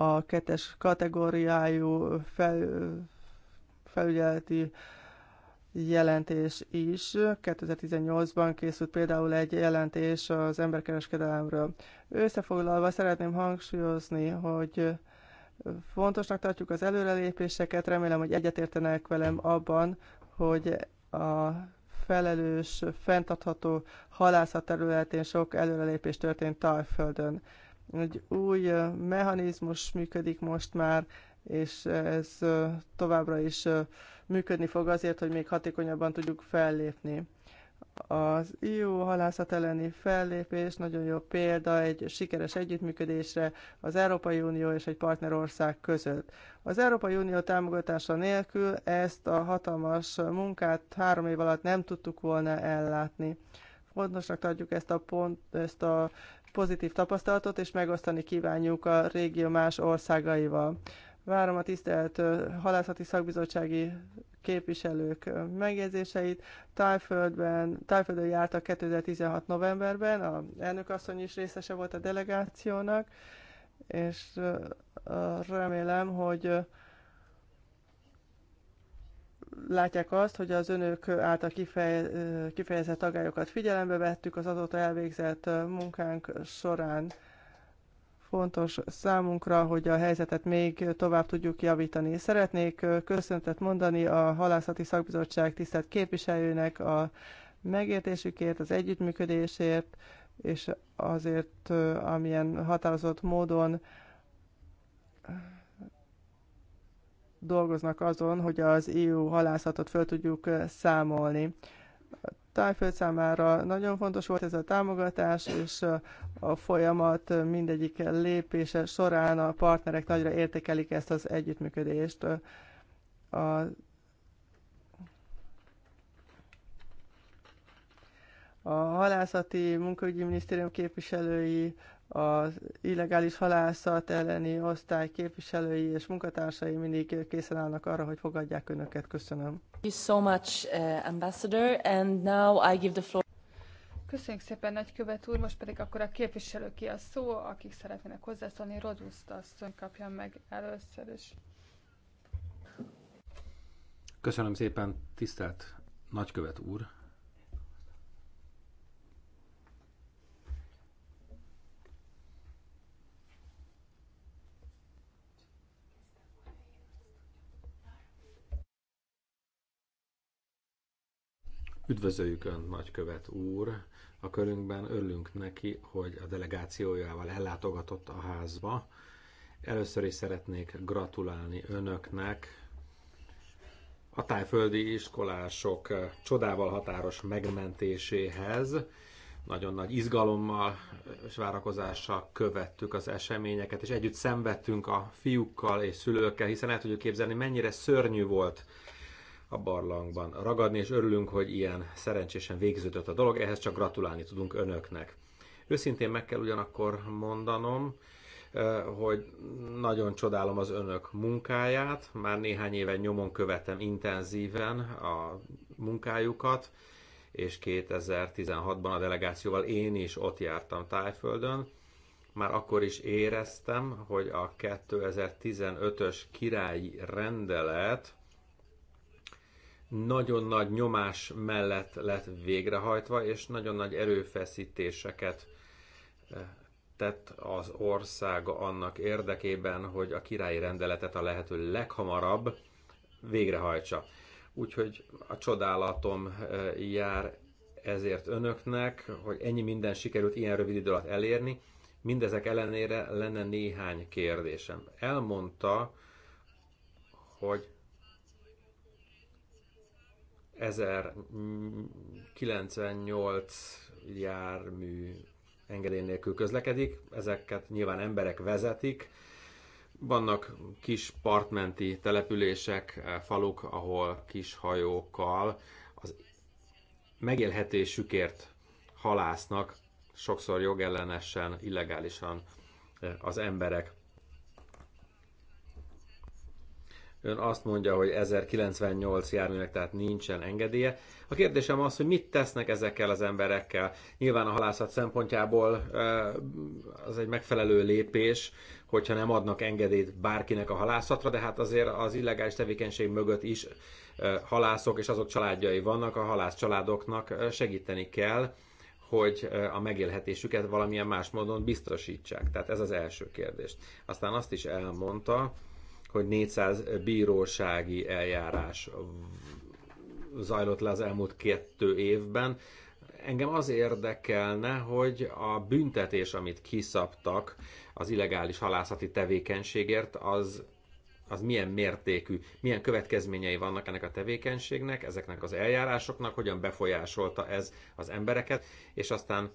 a kettes kategóriájú fel, felügyeleti jelentés is. 2018-ban készült például egy jelentés az emberkereskedelemről. Összefoglalva szeretném hangsúlyozni, hogy fontosnak tartjuk az előrelépéseket, remélem, hogy egyetértenek velem abban, hogy a felelős, fenntartható halászat területén sok előrelépés történt Tajföldön. Egy új mechanizmus működik most már, és ez továbbra is működni fog azért, hogy még hatékonyabban tudjuk fellépni. Az EU halászat elleni fellépés nagyon jó példa egy sikeres együttműködésre az Európai Unió és egy partnerország között. Az Európai Unió támogatása nélkül ezt a hatalmas munkát három év alatt nem tudtuk volna ellátni. Fontosnak tartjuk ezt a, pont, ezt a pozitív tapasztalatot, és megosztani kívánjuk a régió más országaival. Várom a tisztelt halászati szakbizottsági képviselők megjegyzéseit. Tájföldben, tájföldön jártak 2016 novemberben, a elnökasszony is részese volt a delegációnak, és remélem, hogy látják azt, hogy az önök által kifeje, kifejezett agályokat figyelembe vettük az azóta elvégzett munkánk során. Fontos számunkra, hogy a helyzetet még tovább tudjuk javítani. Szeretnék köszöntet mondani a Halászati Szakbizottság tisztelt képviselőnek a megértésükért, az együttműködésért, és azért, amilyen határozott módon dolgoznak azon, hogy az EU halászatot föl tudjuk számolni. Tájföld számára nagyon fontos volt ez a támogatás, és a folyamat mindegyik lépése során a partnerek nagyra értékelik ezt az együttműködést. A a halászati munkaügyi minisztérium képviselői, az illegális halászat elleni osztály képviselői és munkatársai mindig készen állnak arra, hogy fogadják önöket. Köszönöm. Köszönjük szépen, nagykövet úr, most pedig akkor a képviselő ki a szó, akik szeretnének hozzászólni, Roduszt asszony kapja meg először is. Köszönöm szépen, tisztelt nagykövet úr, Üdvözöljük Ön, nagykövet úr! A körünkben örülünk neki, hogy a delegációjával ellátogatott a házba. Először is szeretnék gratulálni Önöknek a tájföldi iskolások csodával határos megmentéséhez. Nagyon nagy izgalommal és várakozással követtük az eseményeket, és együtt szenvedtünk a fiúkkal és szülőkkel, hiszen el tudjuk képzelni, mennyire szörnyű volt a barlangban ragadni, és örülünk, hogy ilyen szerencsésen végződött a dolog, ehhez csak gratulálni tudunk önöknek. Őszintén meg kell ugyanakkor mondanom, hogy nagyon csodálom az önök munkáját, már néhány éven nyomon követem intenzíven a munkájukat, és 2016-ban a delegációval én is ott jártam Tájföldön. Már akkor is éreztem, hogy a 2015-ös királyi rendelet nagyon nagy nyomás mellett lett végrehajtva, és nagyon nagy erőfeszítéseket eh, tett az országa annak érdekében, hogy a királyi rendeletet a lehető leghamarabb végrehajtsa. Úgyhogy a csodálatom eh, jár ezért önöknek, hogy ennyi minden sikerült ilyen rövid idő alatt elérni. Mindezek ellenére lenne néhány kérdésem. Elmondta, hogy 1098 jármű engedély nélkül közlekedik, ezeket nyilván emberek vezetik, vannak kis partmenti települések, eh, faluk, ahol kis hajókkal az megélhetésükért halásznak, sokszor jogellenesen, illegálisan eh, az emberek. Ön azt mondja, hogy 1098 járműnek, tehát nincsen engedélye. A kérdésem az, hogy mit tesznek ezekkel az emberekkel. Nyilván a halászat szempontjából az egy megfelelő lépés, hogyha nem adnak engedélyt bárkinek a halászatra, de hát azért az illegális tevékenység mögött is halászok és azok családjai vannak, a halász családoknak segíteni kell, hogy a megélhetésüket valamilyen más módon biztosítsák. Tehát ez az első kérdés. Aztán azt is elmondta, hogy 400 bírósági eljárás zajlott le az elmúlt kettő évben. Engem az érdekelne, hogy a büntetés, amit kiszabtak az illegális halászati tevékenységért, az az milyen mértékű, milyen következményei vannak ennek a tevékenységnek, ezeknek az eljárásoknak, hogyan befolyásolta ez az embereket, és aztán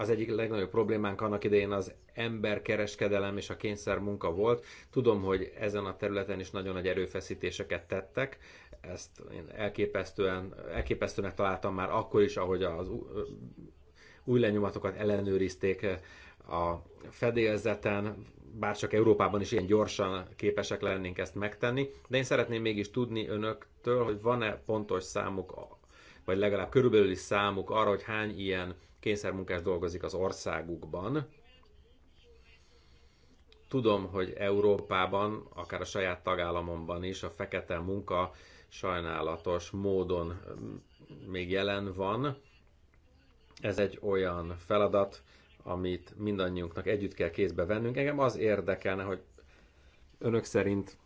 az egyik legnagyobb problémánk annak idején az emberkereskedelem és a kényszer munka volt. Tudom, hogy ezen a területen is nagyon nagy erőfeszítéseket tettek. Ezt én elképesztően, elképesztőnek találtam már akkor is, ahogy az új lenyomatokat ellenőrizték a fedélzeten, bár csak Európában is ilyen gyorsan képesek lennénk ezt megtenni, de én szeretném mégis tudni önöktől, hogy van-e pontos számuk, vagy legalább körülbelül számuk arra, hogy hány ilyen kényszermunkás dolgozik az országukban. Tudom, hogy Európában, akár a saját tagállamomban is a fekete munka sajnálatos módon mm, még jelen van. Ez egy olyan feladat, amit mindannyiunknak együtt kell kézbe vennünk. Engem az érdekelne, hogy önök szerint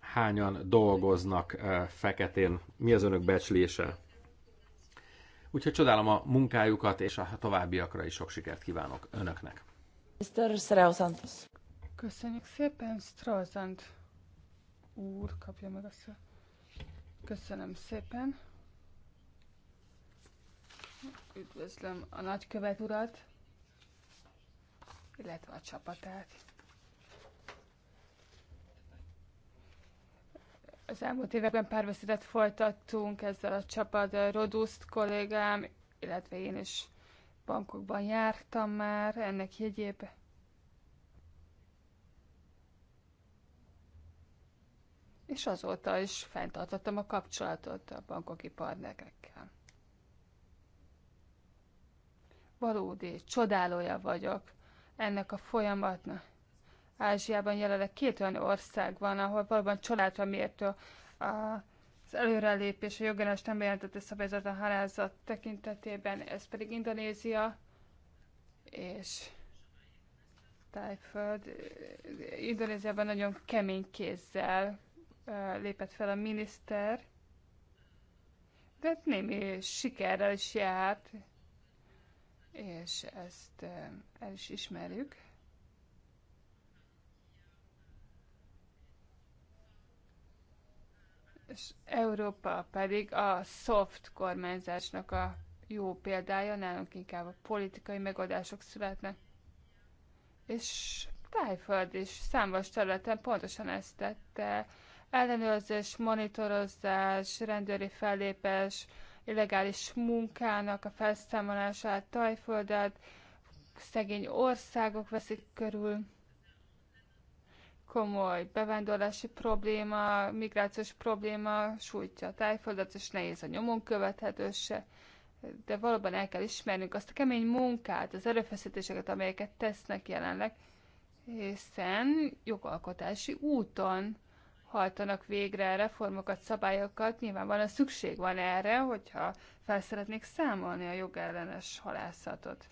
hányan dolgoznak eh, feketén, mi az önök becslése? Úgyhogy csodálom a munkájukat, és a továbbiakra is sok sikert kívánok önöknek. Mr. Sereo Santos. Köszönjük szépen, Strazant úr, kapja meg a szó. Köszönöm szépen. Üdvözlöm a nagykövet urat, illetve a csapatát. Az elmúlt években párbeszédet folytattunk ezzel a csapat Roduszt kollégám, illetve én is bankokban jártam már ennek jegyébe. És azóta is fenntartottam a kapcsolatot a bankoki partnerekkel. Valódi csodálója vagyok ennek a folyamatnak. Ázsiában jelenleg két olyan ország van, ahol valóban családra mértő az előrelépés, a jogellenes nem bejelentette szabályzat a halázat tekintetében, ez pedig Indonézia és Tájföld. Indonéziában nagyon kemény kézzel lépett fel a miniszter, de hát némi sikerrel is járt, és ezt el is ismerjük. és Európa pedig a soft kormányzásnak a jó példája, nálunk inkább a politikai megoldások születnek. És Tájföld is számos területen pontosan ezt tette. Ellenőrzés, monitorozás, rendőri fellépés, illegális munkának a felszámolását, Tájföldet, szegény országok veszik körül komoly bevándorlási probléma, migrációs probléma sújtja a tájföldet, és nehéz a nyomon követhetőse, de valóban el kell ismernünk azt a kemény munkát, az erőfeszítéseket, amelyeket tesznek jelenleg, hiszen jogalkotási úton hajtanak végre reformokat, szabályokat, nyilvánvalóan szükség van erre, hogyha felszeretnék számolni a jogellenes halászatot.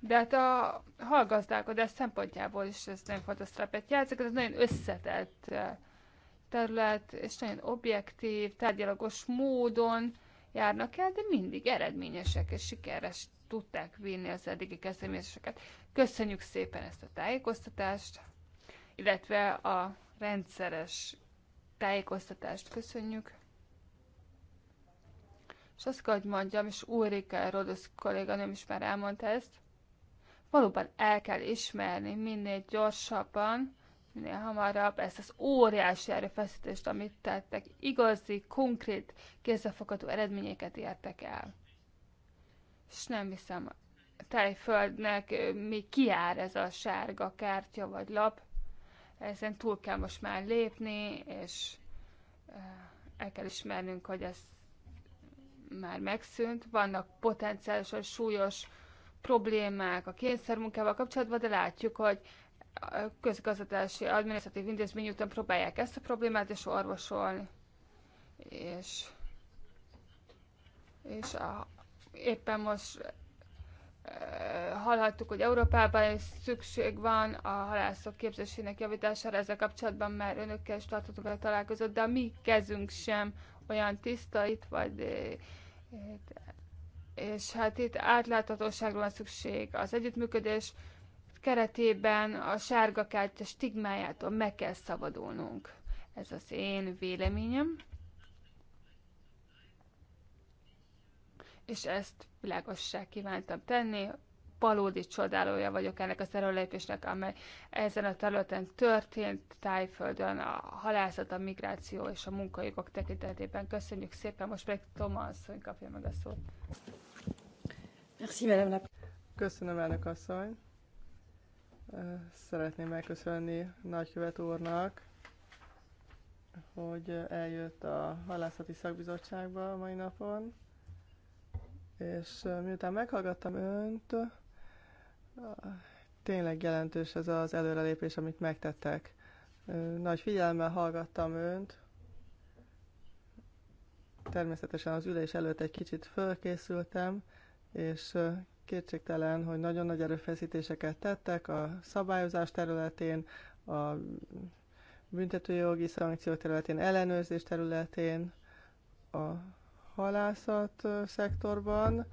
de hát a hallgazdálkodás szempontjából is ez nagyon fontos szerepet játszik, ez nagyon összetett eh, terület, és nagyon objektív, tárgyalagos módon járnak el, de mindig eredményesek és sikeres tudták vinni az eddigi kezdeményezéseket. Köszönjük szépen ezt a tájékoztatást, illetve a rendszeres tájékoztatást köszönjük. És azt kell, hogy mondjam, és Úrika Rodosz kolléganőm is már elmondta ezt, valóban el kell ismerni minél gyorsabban, minél hamarabb ezt az óriási erőfeszítést, amit tettek, igazi, konkrét, kézzelfogható eredményeket értek el. És nem hiszem, a tejföldnek mi kiár ez a sárga kártya vagy lap. Ezen túl kell most már lépni, és el kell ismernünk, hogy ez már megszűnt. Vannak potenciálisan súlyos problémák a kényszermunkával kapcsolatban, de látjuk, hogy a közgazdasági adminisztratív intézmény után próbálják ezt a problémát és orvosolni. És, és a, éppen most e, hallhattuk, hogy Európában is szükség van a halászok képzésének javítására, ezzel kapcsolatban már önökkel is tartottunk a találkozott, de a mi kezünk sem olyan tiszta, itt vagy e, itt és hát itt átláthatóságra van szükség. Az együttműködés keretében a sárga kártya stigmájától meg kell szabadulnunk. Ez az én véleményem. És ezt világossá kívántam tenni, valódi csodálója vagyok ennek a erőlépésnek, amely ezen a területen történt, tájföldön a halászat, a migráció és a munkajogok tekintetében. Köszönjük szépen, most pedig Toma asszony kapja meg a szót. Köszönöm, elnök asszony. Szeretném megköszönni nagykövet úrnak, hogy eljött a halászati szakbizottságba a mai napon, és miután meghallgattam önt, Tényleg jelentős ez az előrelépés, amit megtettek. Nagy figyelemmel hallgattam önt. Természetesen az ülés előtt egy kicsit fölkészültem, és kétségtelen, hogy nagyon nagy erőfeszítéseket tettek a szabályozás területén, a büntetőjogi szankció területén, ellenőrzés területén, a halászat szektorban,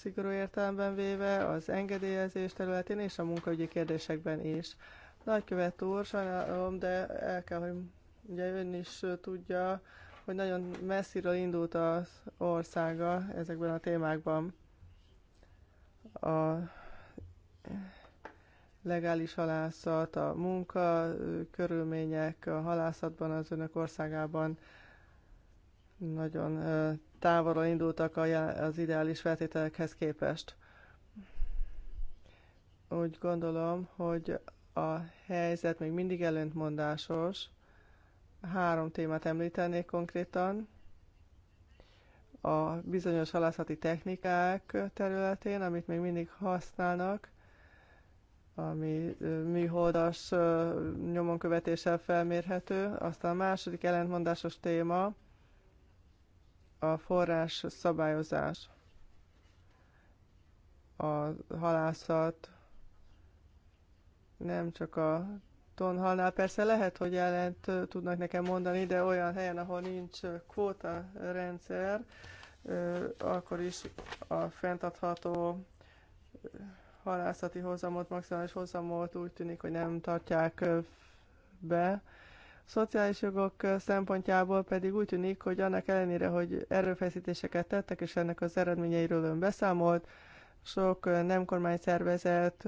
szigorú értelemben véve, az engedélyezés területén és a munkaügyi kérdésekben is. Nagykövet úr, sajnálom, de el kell, hogy ugye ön is tudja, hogy nagyon messziről indult az országa ezekben a témákban. A legális halászat, a munka körülmények a halászatban az önök országában nagyon távolra indultak az ideális feltételekhez képest. Úgy gondolom, hogy a helyzet még mindig ellentmondásos. Három témát említenék konkrétan. A bizonyos halászati technikák területén, amit még mindig használnak, ami műholdas nyomonkövetéssel felmérhető. Aztán a második ellentmondásos téma a forrás szabályozás, a halászat, nem csak a tonhalnál. Persze lehet, hogy ellent tudnak nekem mondani, de olyan helyen, ahol nincs kvóta rendszer, akkor is a fenntartható halászati hozamot, maximális hozamot úgy tűnik, hogy nem tartják be. Szociális jogok szempontjából pedig úgy tűnik, hogy annak ellenére, hogy erőfeszítéseket tettek, és ennek az eredményeiről ön beszámolt, sok nem kormányszervezet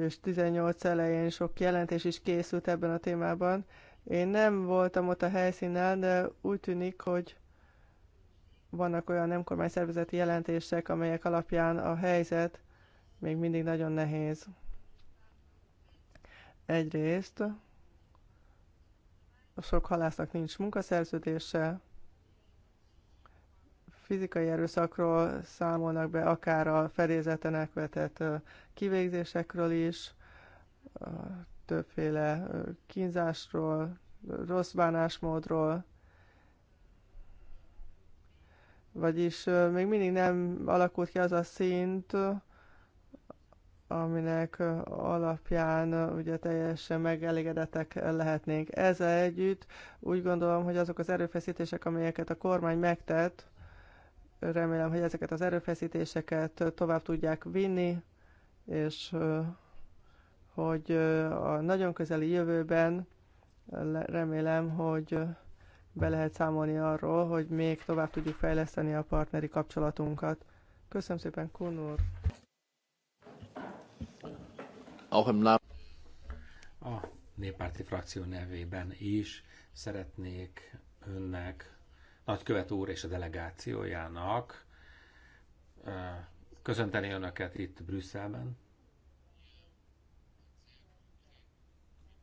és 18 elején sok jelentés is készült ebben a témában. Én nem voltam ott a helyszínen, de úgy tűnik, hogy vannak olyan nem kormányszervezeti jelentések, amelyek alapján a helyzet még mindig nagyon nehéz. Egyrészt a sok halásznak nincs munkaszerződése, fizikai erőszakról számolnak be, akár a fedélzeten elkövetett kivégzésekről is, többféle kínzásról, rossz bánásmódról, vagyis még mindig nem alakult ki az a szint, aminek alapján ugye teljesen megelégedettek lehetnénk. Ezzel együtt úgy gondolom, hogy azok az erőfeszítések, amelyeket a kormány megtett, remélem, hogy ezeket az erőfeszítéseket tovább tudják vinni, és hogy a nagyon közeli jövőben remélem, hogy be lehet számolni arról, hogy még tovább tudjuk fejleszteni a partneri kapcsolatunkat. Köszönöm szépen, Kunur! auch im Namen. A néppárti frakció nevében is szeretnék önnek, nagykövet úr és a delegációjának köszönteni önöket itt Brüsszelben.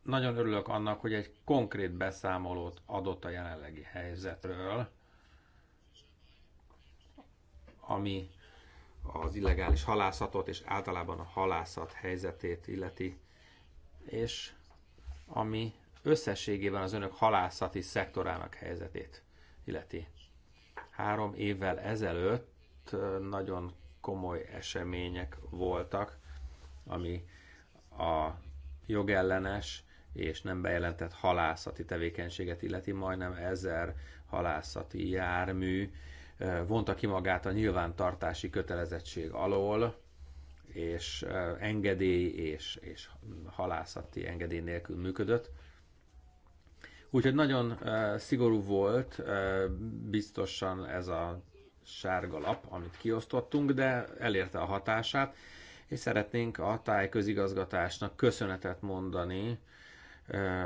Nagyon örülök annak, hogy egy konkrét beszámolót adott a jelenlegi helyzetről, ami az illegális halászatot és általában a halászat helyzetét illeti, és ami összességében az önök halászati szektorának helyzetét illeti. Három évvel ezelőtt nagyon komoly események voltak, ami a jogellenes és nem bejelentett halászati tevékenységet illeti, majdnem ezer halászati jármű Eh, vonta ki magát a nyilvántartási kötelezettség alól, és eh, engedély és, és halászati engedély nélkül működött. Úgyhogy nagyon eh, szigorú volt biztosan ez a sárga lap, amit kiosztottunk, de elérte a hatását, és szeretnénk a tájközigazgatásnak köszönetet mondani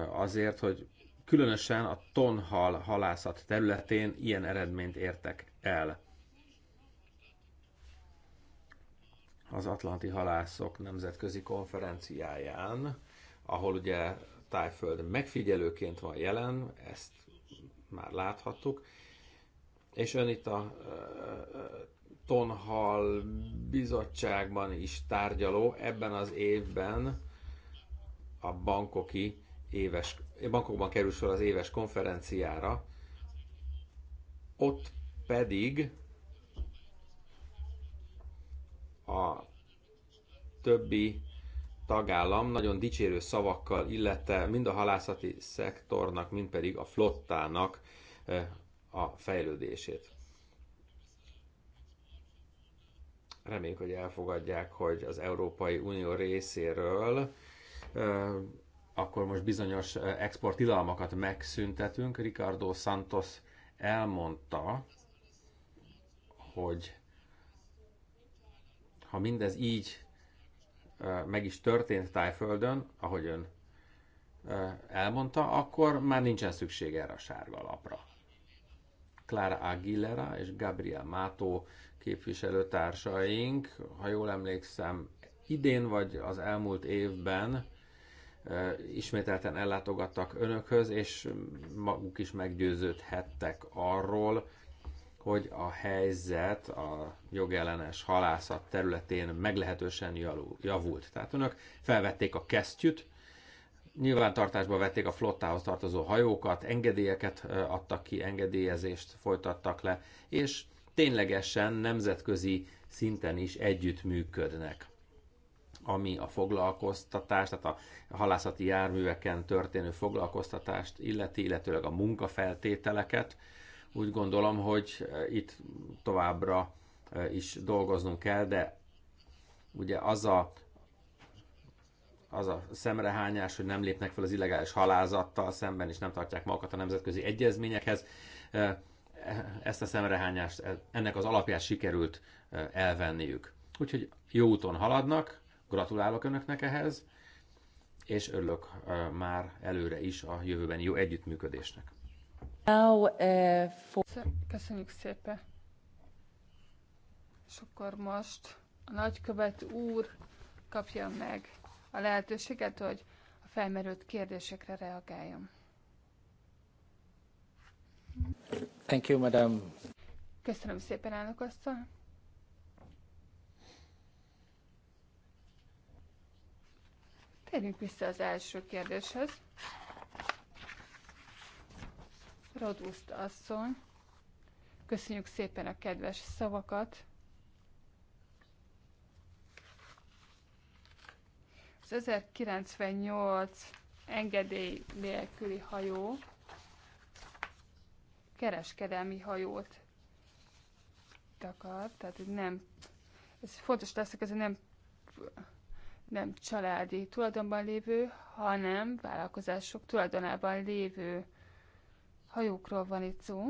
azért, hogy különösen a tonhal halászat területén ilyen eredményt értek el. Az Atlanti Halászok Nemzetközi Konferenciáján, ahol ugye Tájföld megfigyelőként van jelen, ezt már láthattuk, és ön itt a Tonhal bizottságban is tárgyaló ebben az évben a bankoki éves, bankokban kerül sor az éves konferenciára. Ott pedig a többi tagállam nagyon dicsérő szavakkal illette mind a halászati szektornak, mind pedig a flottának eh, a fejlődését. Reméljük, hogy elfogadják, hogy az Európai Unió részéről eh, akkor most bizonyos eh, exporttilalmakat megszüntetünk. Ricardo Santos elmondta, hogy ha mindez így meg is történt Tájföldön, ahogy ön elmondta, akkor már nincsen szükség erre a sárga lapra. Clara Aguilera és Gabriel Mato képviselőtársaink, ha jól emlékszem, idén vagy az elmúlt évben ismételten ellátogattak önökhöz, és maguk is meggyőződhettek arról, hogy a helyzet a jogellenes halászat területén meglehetősen javult. Tehát önök felvették a kesztyűt, nyilvántartásba vették a flottához tartozó hajókat, engedélyeket adtak ki, engedélyezést folytattak le, és ténylegesen nemzetközi szinten is együttműködnek ami a foglalkoztatást, tehát a halászati járműveken történő foglalkoztatást illeti, illetőleg a munkafeltételeket, úgy gondolom, hogy eh, itt továbbra eh, is dolgoznunk kell, de ugye az a, az a szemrehányás, hogy nem lépnek fel az illegális halázattal szemben, és nem tartják magukat a nemzetközi egyezményekhez, eh, ezt a szemrehányást, ennek az alapját sikerült elvenniük. Úgyhogy jó úton haladnak, gratulálok Önöknek ehhez, és örülök már előre is a jövőben jó együttműködésnek. Now, uh, for... Köszönjük szépen. És akkor most a nagykövet úr kapja meg a lehetőséget, hogy a felmerült kérdésekre reagáljon. Thank you, madam. Köszönöm szépen, elnök asszony. Térjünk vissza az első kérdéshez. Roduszt asszony. Köszönjük szépen a kedves szavakat. Az 1098 engedély nélküli hajó kereskedelmi hajót takar, tehát nem, ez fontos lesz, ez nem nem családi tulajdonban lévő, hanem vállalkozások tulajdonában lévő hajókról van itt szó.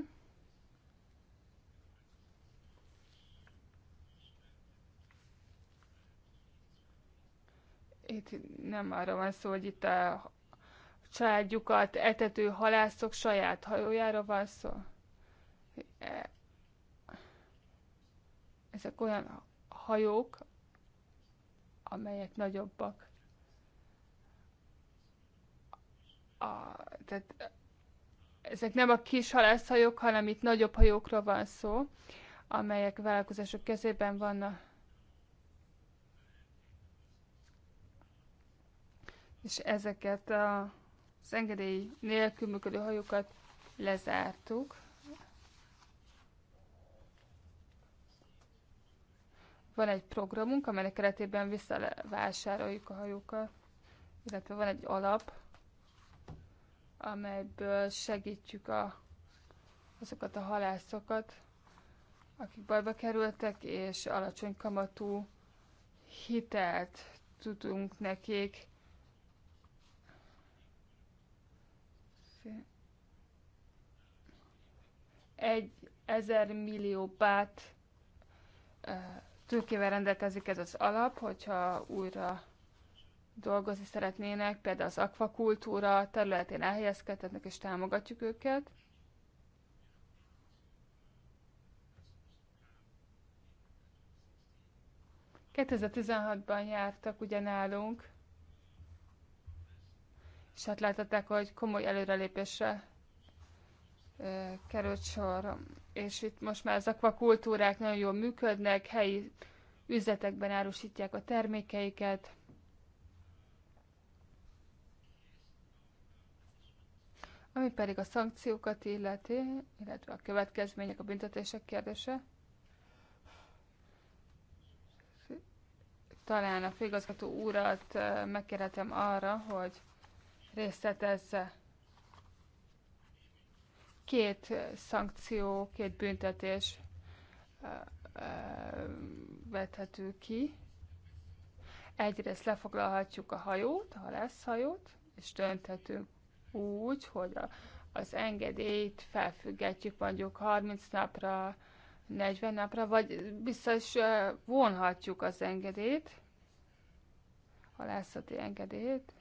Itt nem arra van szó, hogy itt a családjukat etető halászok saját hajójára van szó. E, ezek olyan hajók, amelyek nagyobbak. A, tehát ezek nem a kis halászhajók, hanem itt nagyobb hajókról van szó, amelyek vállalkozások kezében vannak. És ezeket a, az engedély nélkül működő hajókat lezártuk. Van egy programunk, amelynek keretében visszavásároljuk a hajókat, illetve van egy alap, amelyből segítjük a, azokat a halászokat, akik bajba kerültek, és alacsony kamatú hitelt tudunk nekik egy ezer millió bát tőkével rendelkezik ez az alap, hogyha újra dolgozni szeretnének, például az akvakultúra területén elhelyezkedhetnek, és támogatjuk őket. ban jártak ugyanálunk, és hát láthatták, hogy komoly előrelépésre e, került sor. És itt most már az akvakultúrák nagyon jól működnek, helyi üzletekben árusítják a termékeiket, Ami pedig a szankciókat illeti, illetve a következmények, a büntetések kérdése, talán a főigazgató úrat megkérhetem arra, hogy részletezze két szankció, két büntetés vethető ki. Egyrészt lefoglalhatjuk a hajót, ha lesz hajót, és dönthetünk úgy, hogy a, az engedélyt felfüggetjük mondjuk 30 napra, 40 napra, vagy biztos vonhatjuk az engedélyt, lászati engedélyt.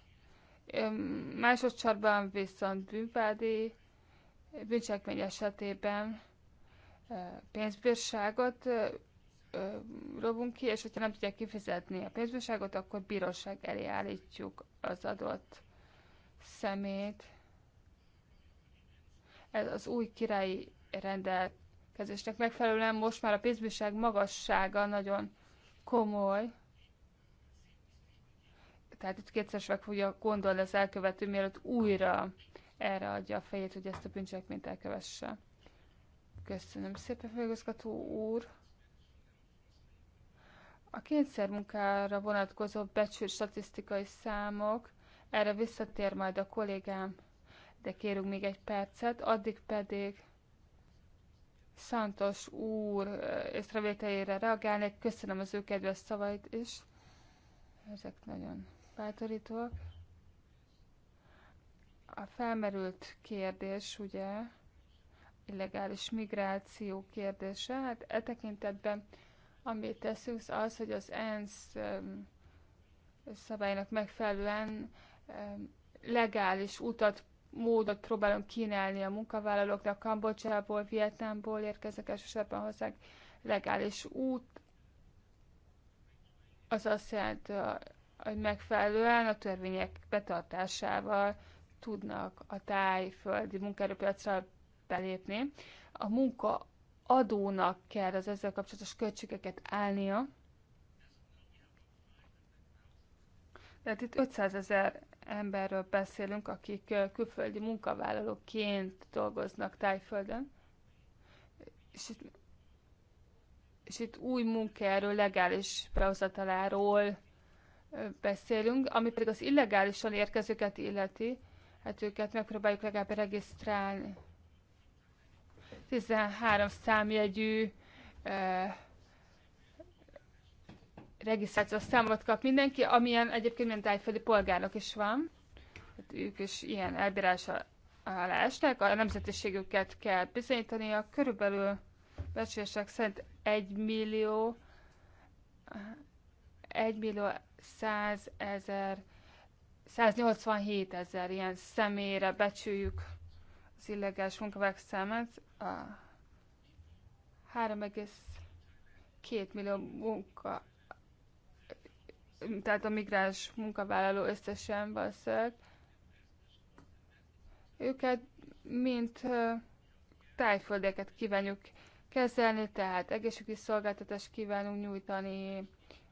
Másodszorban viszont bűnvádi bűncsekmény esetében pénzbírságot robunk ki, és hogyha nem tudják kifizetni a pénzbírságot, akkor bíróság elé állítjuk az adott szemét. Ez az új királyi rendelkezésnek megfelelően most már a pénzbírság magassága nagyon komoly. Tehát itt kétszer meg fogja gondolni az elkövető, mielőtt újra erre adja a fejét, hogy ezt a bűncselekményt elkövesse. Köszönöm szépen, főigazgató úr! A kényszermunkára vonatkozó becsült statisztikai számok erre visszatér majd a kollégám, de kérünk még egy percet, addig pedig Szantos úr észrevételére reagálnék. Köszönöm az ő kedves szavait is. Ezek nagyon bátorítóak. A felmerült kérdés, ugye, illegális migráció kérdése, hát e tekintetben amit teszünk, az, hogy az ENSZ szabálynak megfelelően legális utat, módot próbálunk kínálni a munkavállalóknak. Kambodzsából, Vietnámból érkeznek elsősorban hozzánk legális út. Az azt jelenti, hogy megfelelően a törvények betartásával tudnak a tájföldi munkaerőpiacra belépni. A munka adónak kell az ezzel kapcsolatos költségeket állnia. Tehát itt 500 ezer emberről beszélünk, akik külföldi munkavállalóként dolgoznak Tájföldön, és itt, és itt új munkaerő legális behozataláról beszélünk, ami pedig az illegálisan érkezőket illeti, hát őket megpróbáljuk legalább regisztrálni. 13 számjegyű eh, regisztrációs számot kap mindenki, amilyen egyébként minden tájföldi polgárok is van. Hát ők is ilyen elbírás alá esnek. A nemzetiségüket kell bizonyítani, a Körülbelül becsések szerint 1 millió 1 millió 100 ezer 187 ezer ilyen személyre becsüljük az illegális munkavállalók számát. A 3,2 millió munka tehát a migráns munkavállaló összesen valószínűleg, őket mint tájföldeket kívánjuk kezelni, tehát egészségügyi szolgáltatást kívánunk nyújtani,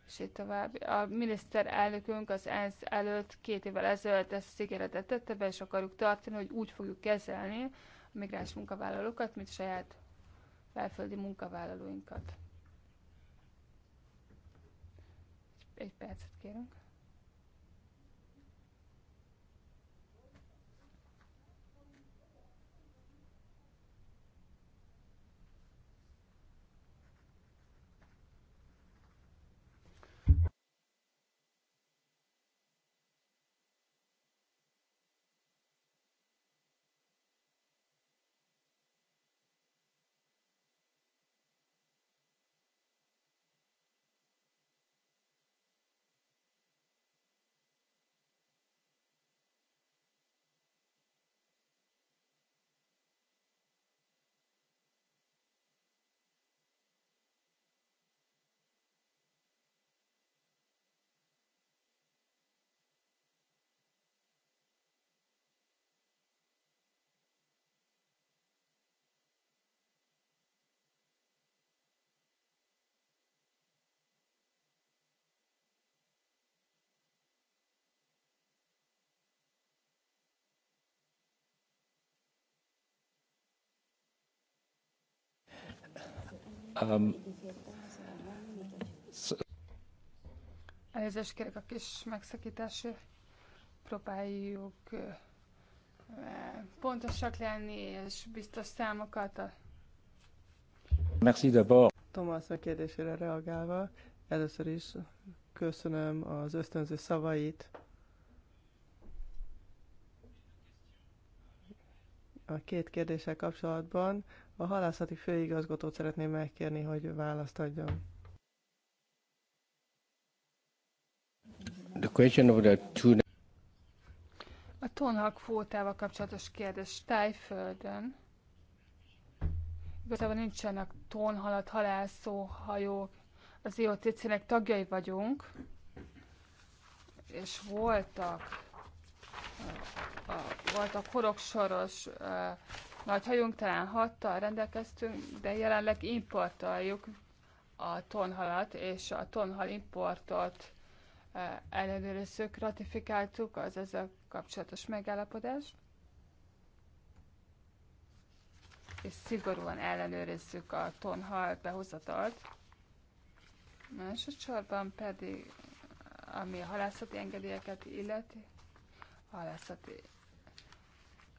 és így tovább. A miniszterelnökünk az ENSZ előtt két évvel ezelőtt ezt ígéretet tette be, és akarjuk tartani, hogy úgy fogjuk kezelni a migráns munkavállalókat, mint saját belföldi munkavállalóinkat. egy percet kérünk. Um, Elnézést kérek a kis megszakításért. Próbáljuk pontosak lenni, és biztos számokat. A... Merci d'abord. Tomás a kérdésére reagálva, először is köszönöm az ösztönző szavait. A két kérdéssel kapcsolatban a halászati főigazgatót szeretném megkérni, hogy választ adjon. The question of the tuna. A tonhal fótával kapcsolatos kérdés Tájföldön. Igazából nincsenek tonhalat halászó hajók. Az IOTC-nek tagjai vagyunk, és voltak, a, a, voltak horogsoros nagy hajunk talán hattal rendelkeztünk, de jelenleg importáljuk a tonhalat, és a tonhal importot e, ellenőrizzük, ratifikáltuk az ezzel kapcsolatos megállapodást, és szigorúan ellenőrizzük a tonhal behozatalt. Másodszorban pedig, ami a halászati engedélyeket illeti, halászati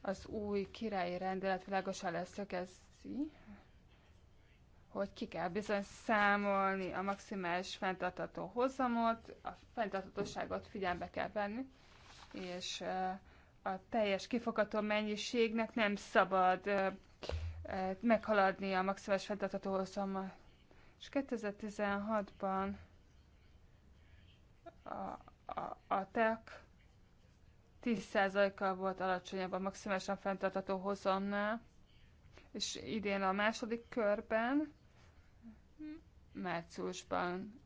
az új királyi rendelet világosan leszögezi, hogy ki kell bizony számolni a maximális fenntartató hozamot, a fenntartatóságot figyelme kell venni, és eh, a teljes kifogató mennyiségnek nem szabad eh, eh, meghaladni a maximális fenntartató hozamot. És 2016-ban a, a, a TEC 10%-kal volt alacsonyabb a maximálisan fenntartató hozamnál, és idén a második körben, márciusban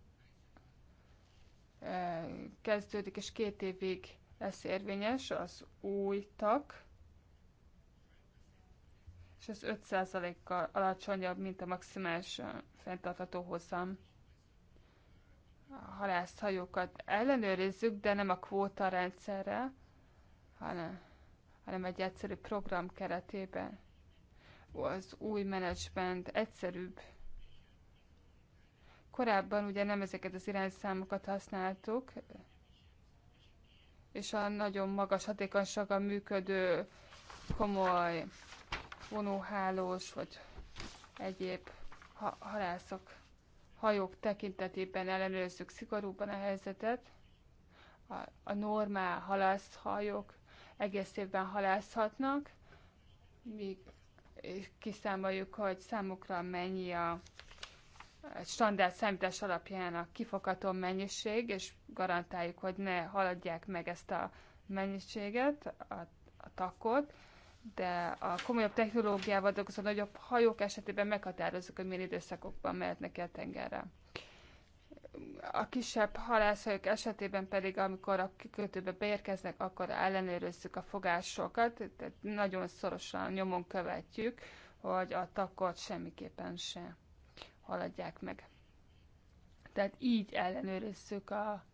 kezdődik, és két évig lesz érvényes az új tak, és ez 5%-kal alacsonyabb, mint a maximális fenntartható hozam. A halászhajókat ellenőrizzük, de nem a kvóta rendszerrel, hanem, hanem egy egyszerű program keretében az új menedzsment egyszerűbb. Korábban ugye nem ezeket az irányszámokat használtuk, és a nagyon magas hatékonysága működő komoly vonóhálós vagy egyéb ha halászok hajók tekintetében ellenőrzzük szigorúban a helyzetet. A, a normál halászhajók egész évben halászhatnak, míg kiszámoljuk, hogy számukra mennyi a standard számítás alapján a kifogható mennyiség, és garantáljuk, hogy ne haladják meg ezt a mennyiséget, a, a takot, de a komolyabb technológiával dolgozó nagyobb hajók esetében meghatározzuk, hogy milyen időszakokban mehetnek el tengerre a kisebb halászhajók esetében pedig, amikor a kikötőbe beérkeznek, akkor ellenőrizzük a fogásokat, tehát nagyon szorosan nyomon követjük, hogy a takot semmiképpen se haladják meg. Tehát így ellenőrizzük a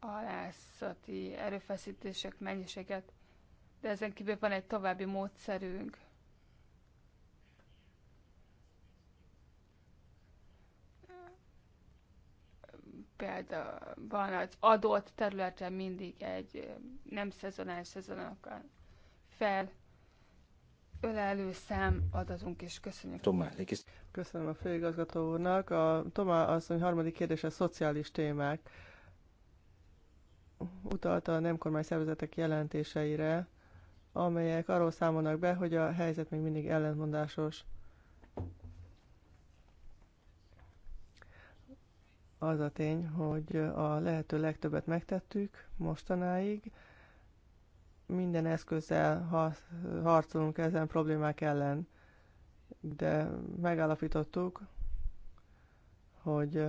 halászati erőfeszítések mennyiséget. De ezen kívül van egy további módszerünk, példában az adott területen mindig egy nem szezonális szezonokkal fel ölelő szám adatunk, és köszönjük. Tomá, Köszönöm a főigazgató úrnak. A Tomá mondja, harmadik kérdése a szociális témák. Utalta a nem kormány szervezetek jelentéseire, amelyek arról számolnak be, hogy a helyzet még mindig ellentmondásos. az a tény, hogy a lehető legtöbbet megtettük mostanáig. Minden eszközzel harcolunk ezen problémák ellen, de megállapítottuk, hogy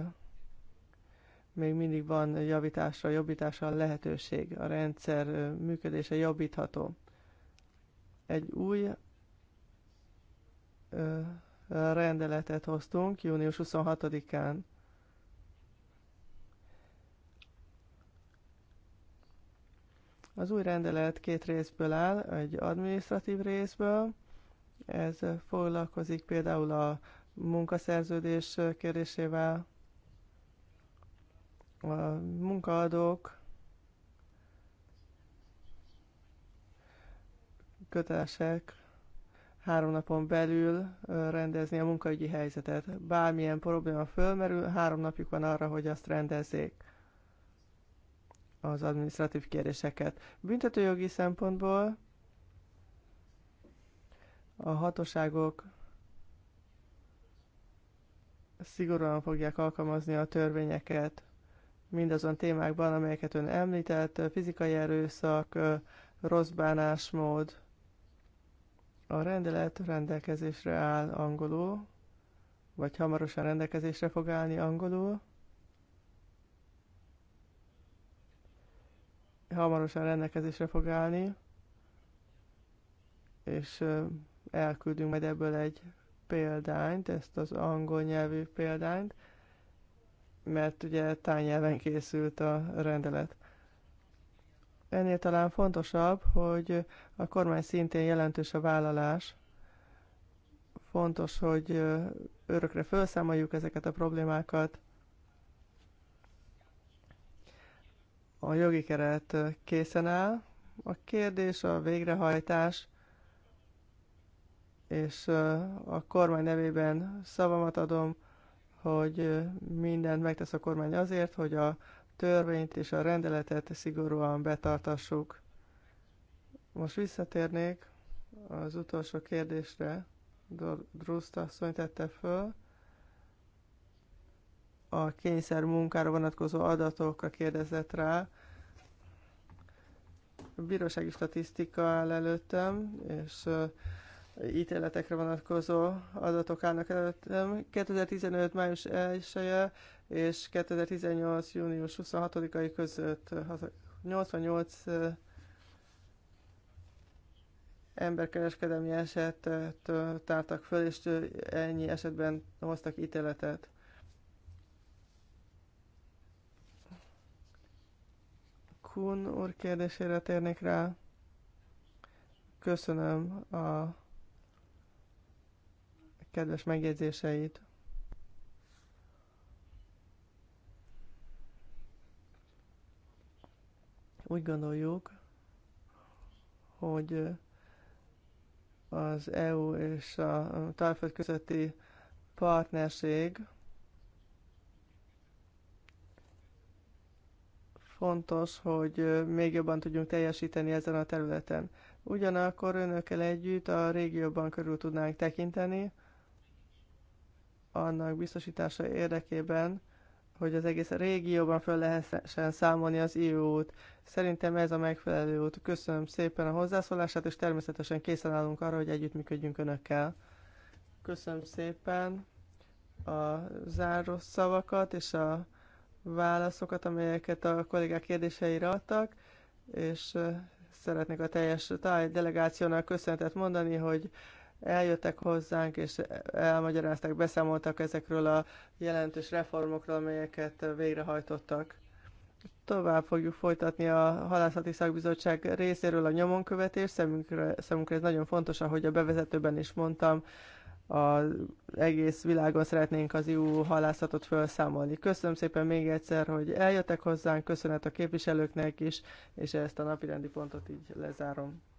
még mindig van javításra, jobbításra lehetőség. A rendszer működése jobbítható. Egy új rendeletet hoztunk június 26-án Az új rendelet két részből áll, egy administratív részből, ez foglalkozik például a munkaszerződés kérdésével, a munkaadók kötelesek három napon belül rendezni a munkaügyi helyzetet. Bármilyen probléma fölmerül, három napjuk van arra, hogy azt rendezzék az administratív kérdéseket. Büntetőjogi szempontból a hatóságok szigorúan fogják alkalmazni a törvényeket mindazon témákban, amelyeket ön említett, fizikai erőszak, rossz bánásmód. A rendelet rendelkezésre áll angolul, vagy hamarosan rendelkezésre fog állni angolul. hamarosan rendelkezésre fog állni, és elküldünk majd ebből egy példányt, ezt az angol nyelvű példányt, mert ugye tányelven készült a rendelet. Ennél talán fontosabb, hogy a kormány szintén jelentős a vállalás. Fontos, hogy örökre felszámoljuk ezeket a problémákat, A jogi keret készen áll. A kérdés, a végrehajtás, és a kormány nevében szavamat adom, hogy mindent megtesz a kormány azért, hogy a törvényt és a rendeletet szigorúan betartassuk. Most visszatérnék az utolsó kérdésre, Druszt asszony tette föl a kényszer munkára vonatkozó adatokra kérdezett rá. A bírósági statisztika áll előttem, és ítéletekre vonatkozó adatok állnak előttem. 2015. május 1 -e és 2018. június 26-ai között 88 emberkereskedelmi esetet tártak föl, és ennyi esetben hoztak ítéletet. Kun úr kérdésére térnék rá. Köszönöm a kedves megjegyzéseit. Úgy gondoljuk, hogy az EU és a Tajföld közötti partnerség fontos, hogy még jobban tudjunk teljesíteni ezen a területen. Ugyanakkor önökkel együtt a régióban körül tudnánk tekinteni, annak biztosítása érdekében, hogy az egész régióban föl lehessen számolni az EU-t. Szerintem ez a megfelelő út. Köszönöm szépen a hozzászólását, és természetesen készen állunk arra, hogy együttműködjünk önökkel. Köszönöm szépen a záró szavakat és a válaszokat, amelyeket a kollégák kérdéseire adtak, és szeretnék a teljes táj delegációnak köszönetet mondani, hogy eljöttek hozzánk, és e, elmagyarázták, beszámoltak ezekről a jelentős reformokról, amelyeket végrehajtottak. Tovább fogjuk folytatni a Halászati Szakbizottság részéről a nyomonkövetés. Szemünkre, szemünkre ez nagyon fontos, ahogy a bevezetőben is mondtam, az egész világon szeretnénk az EU halászatot felszámolni. Köszönöm szépen még egyszer, hogy eljöttek hozzánk, köszönet a képviselőknek is, és ezt a napirendi pontot így lezárom.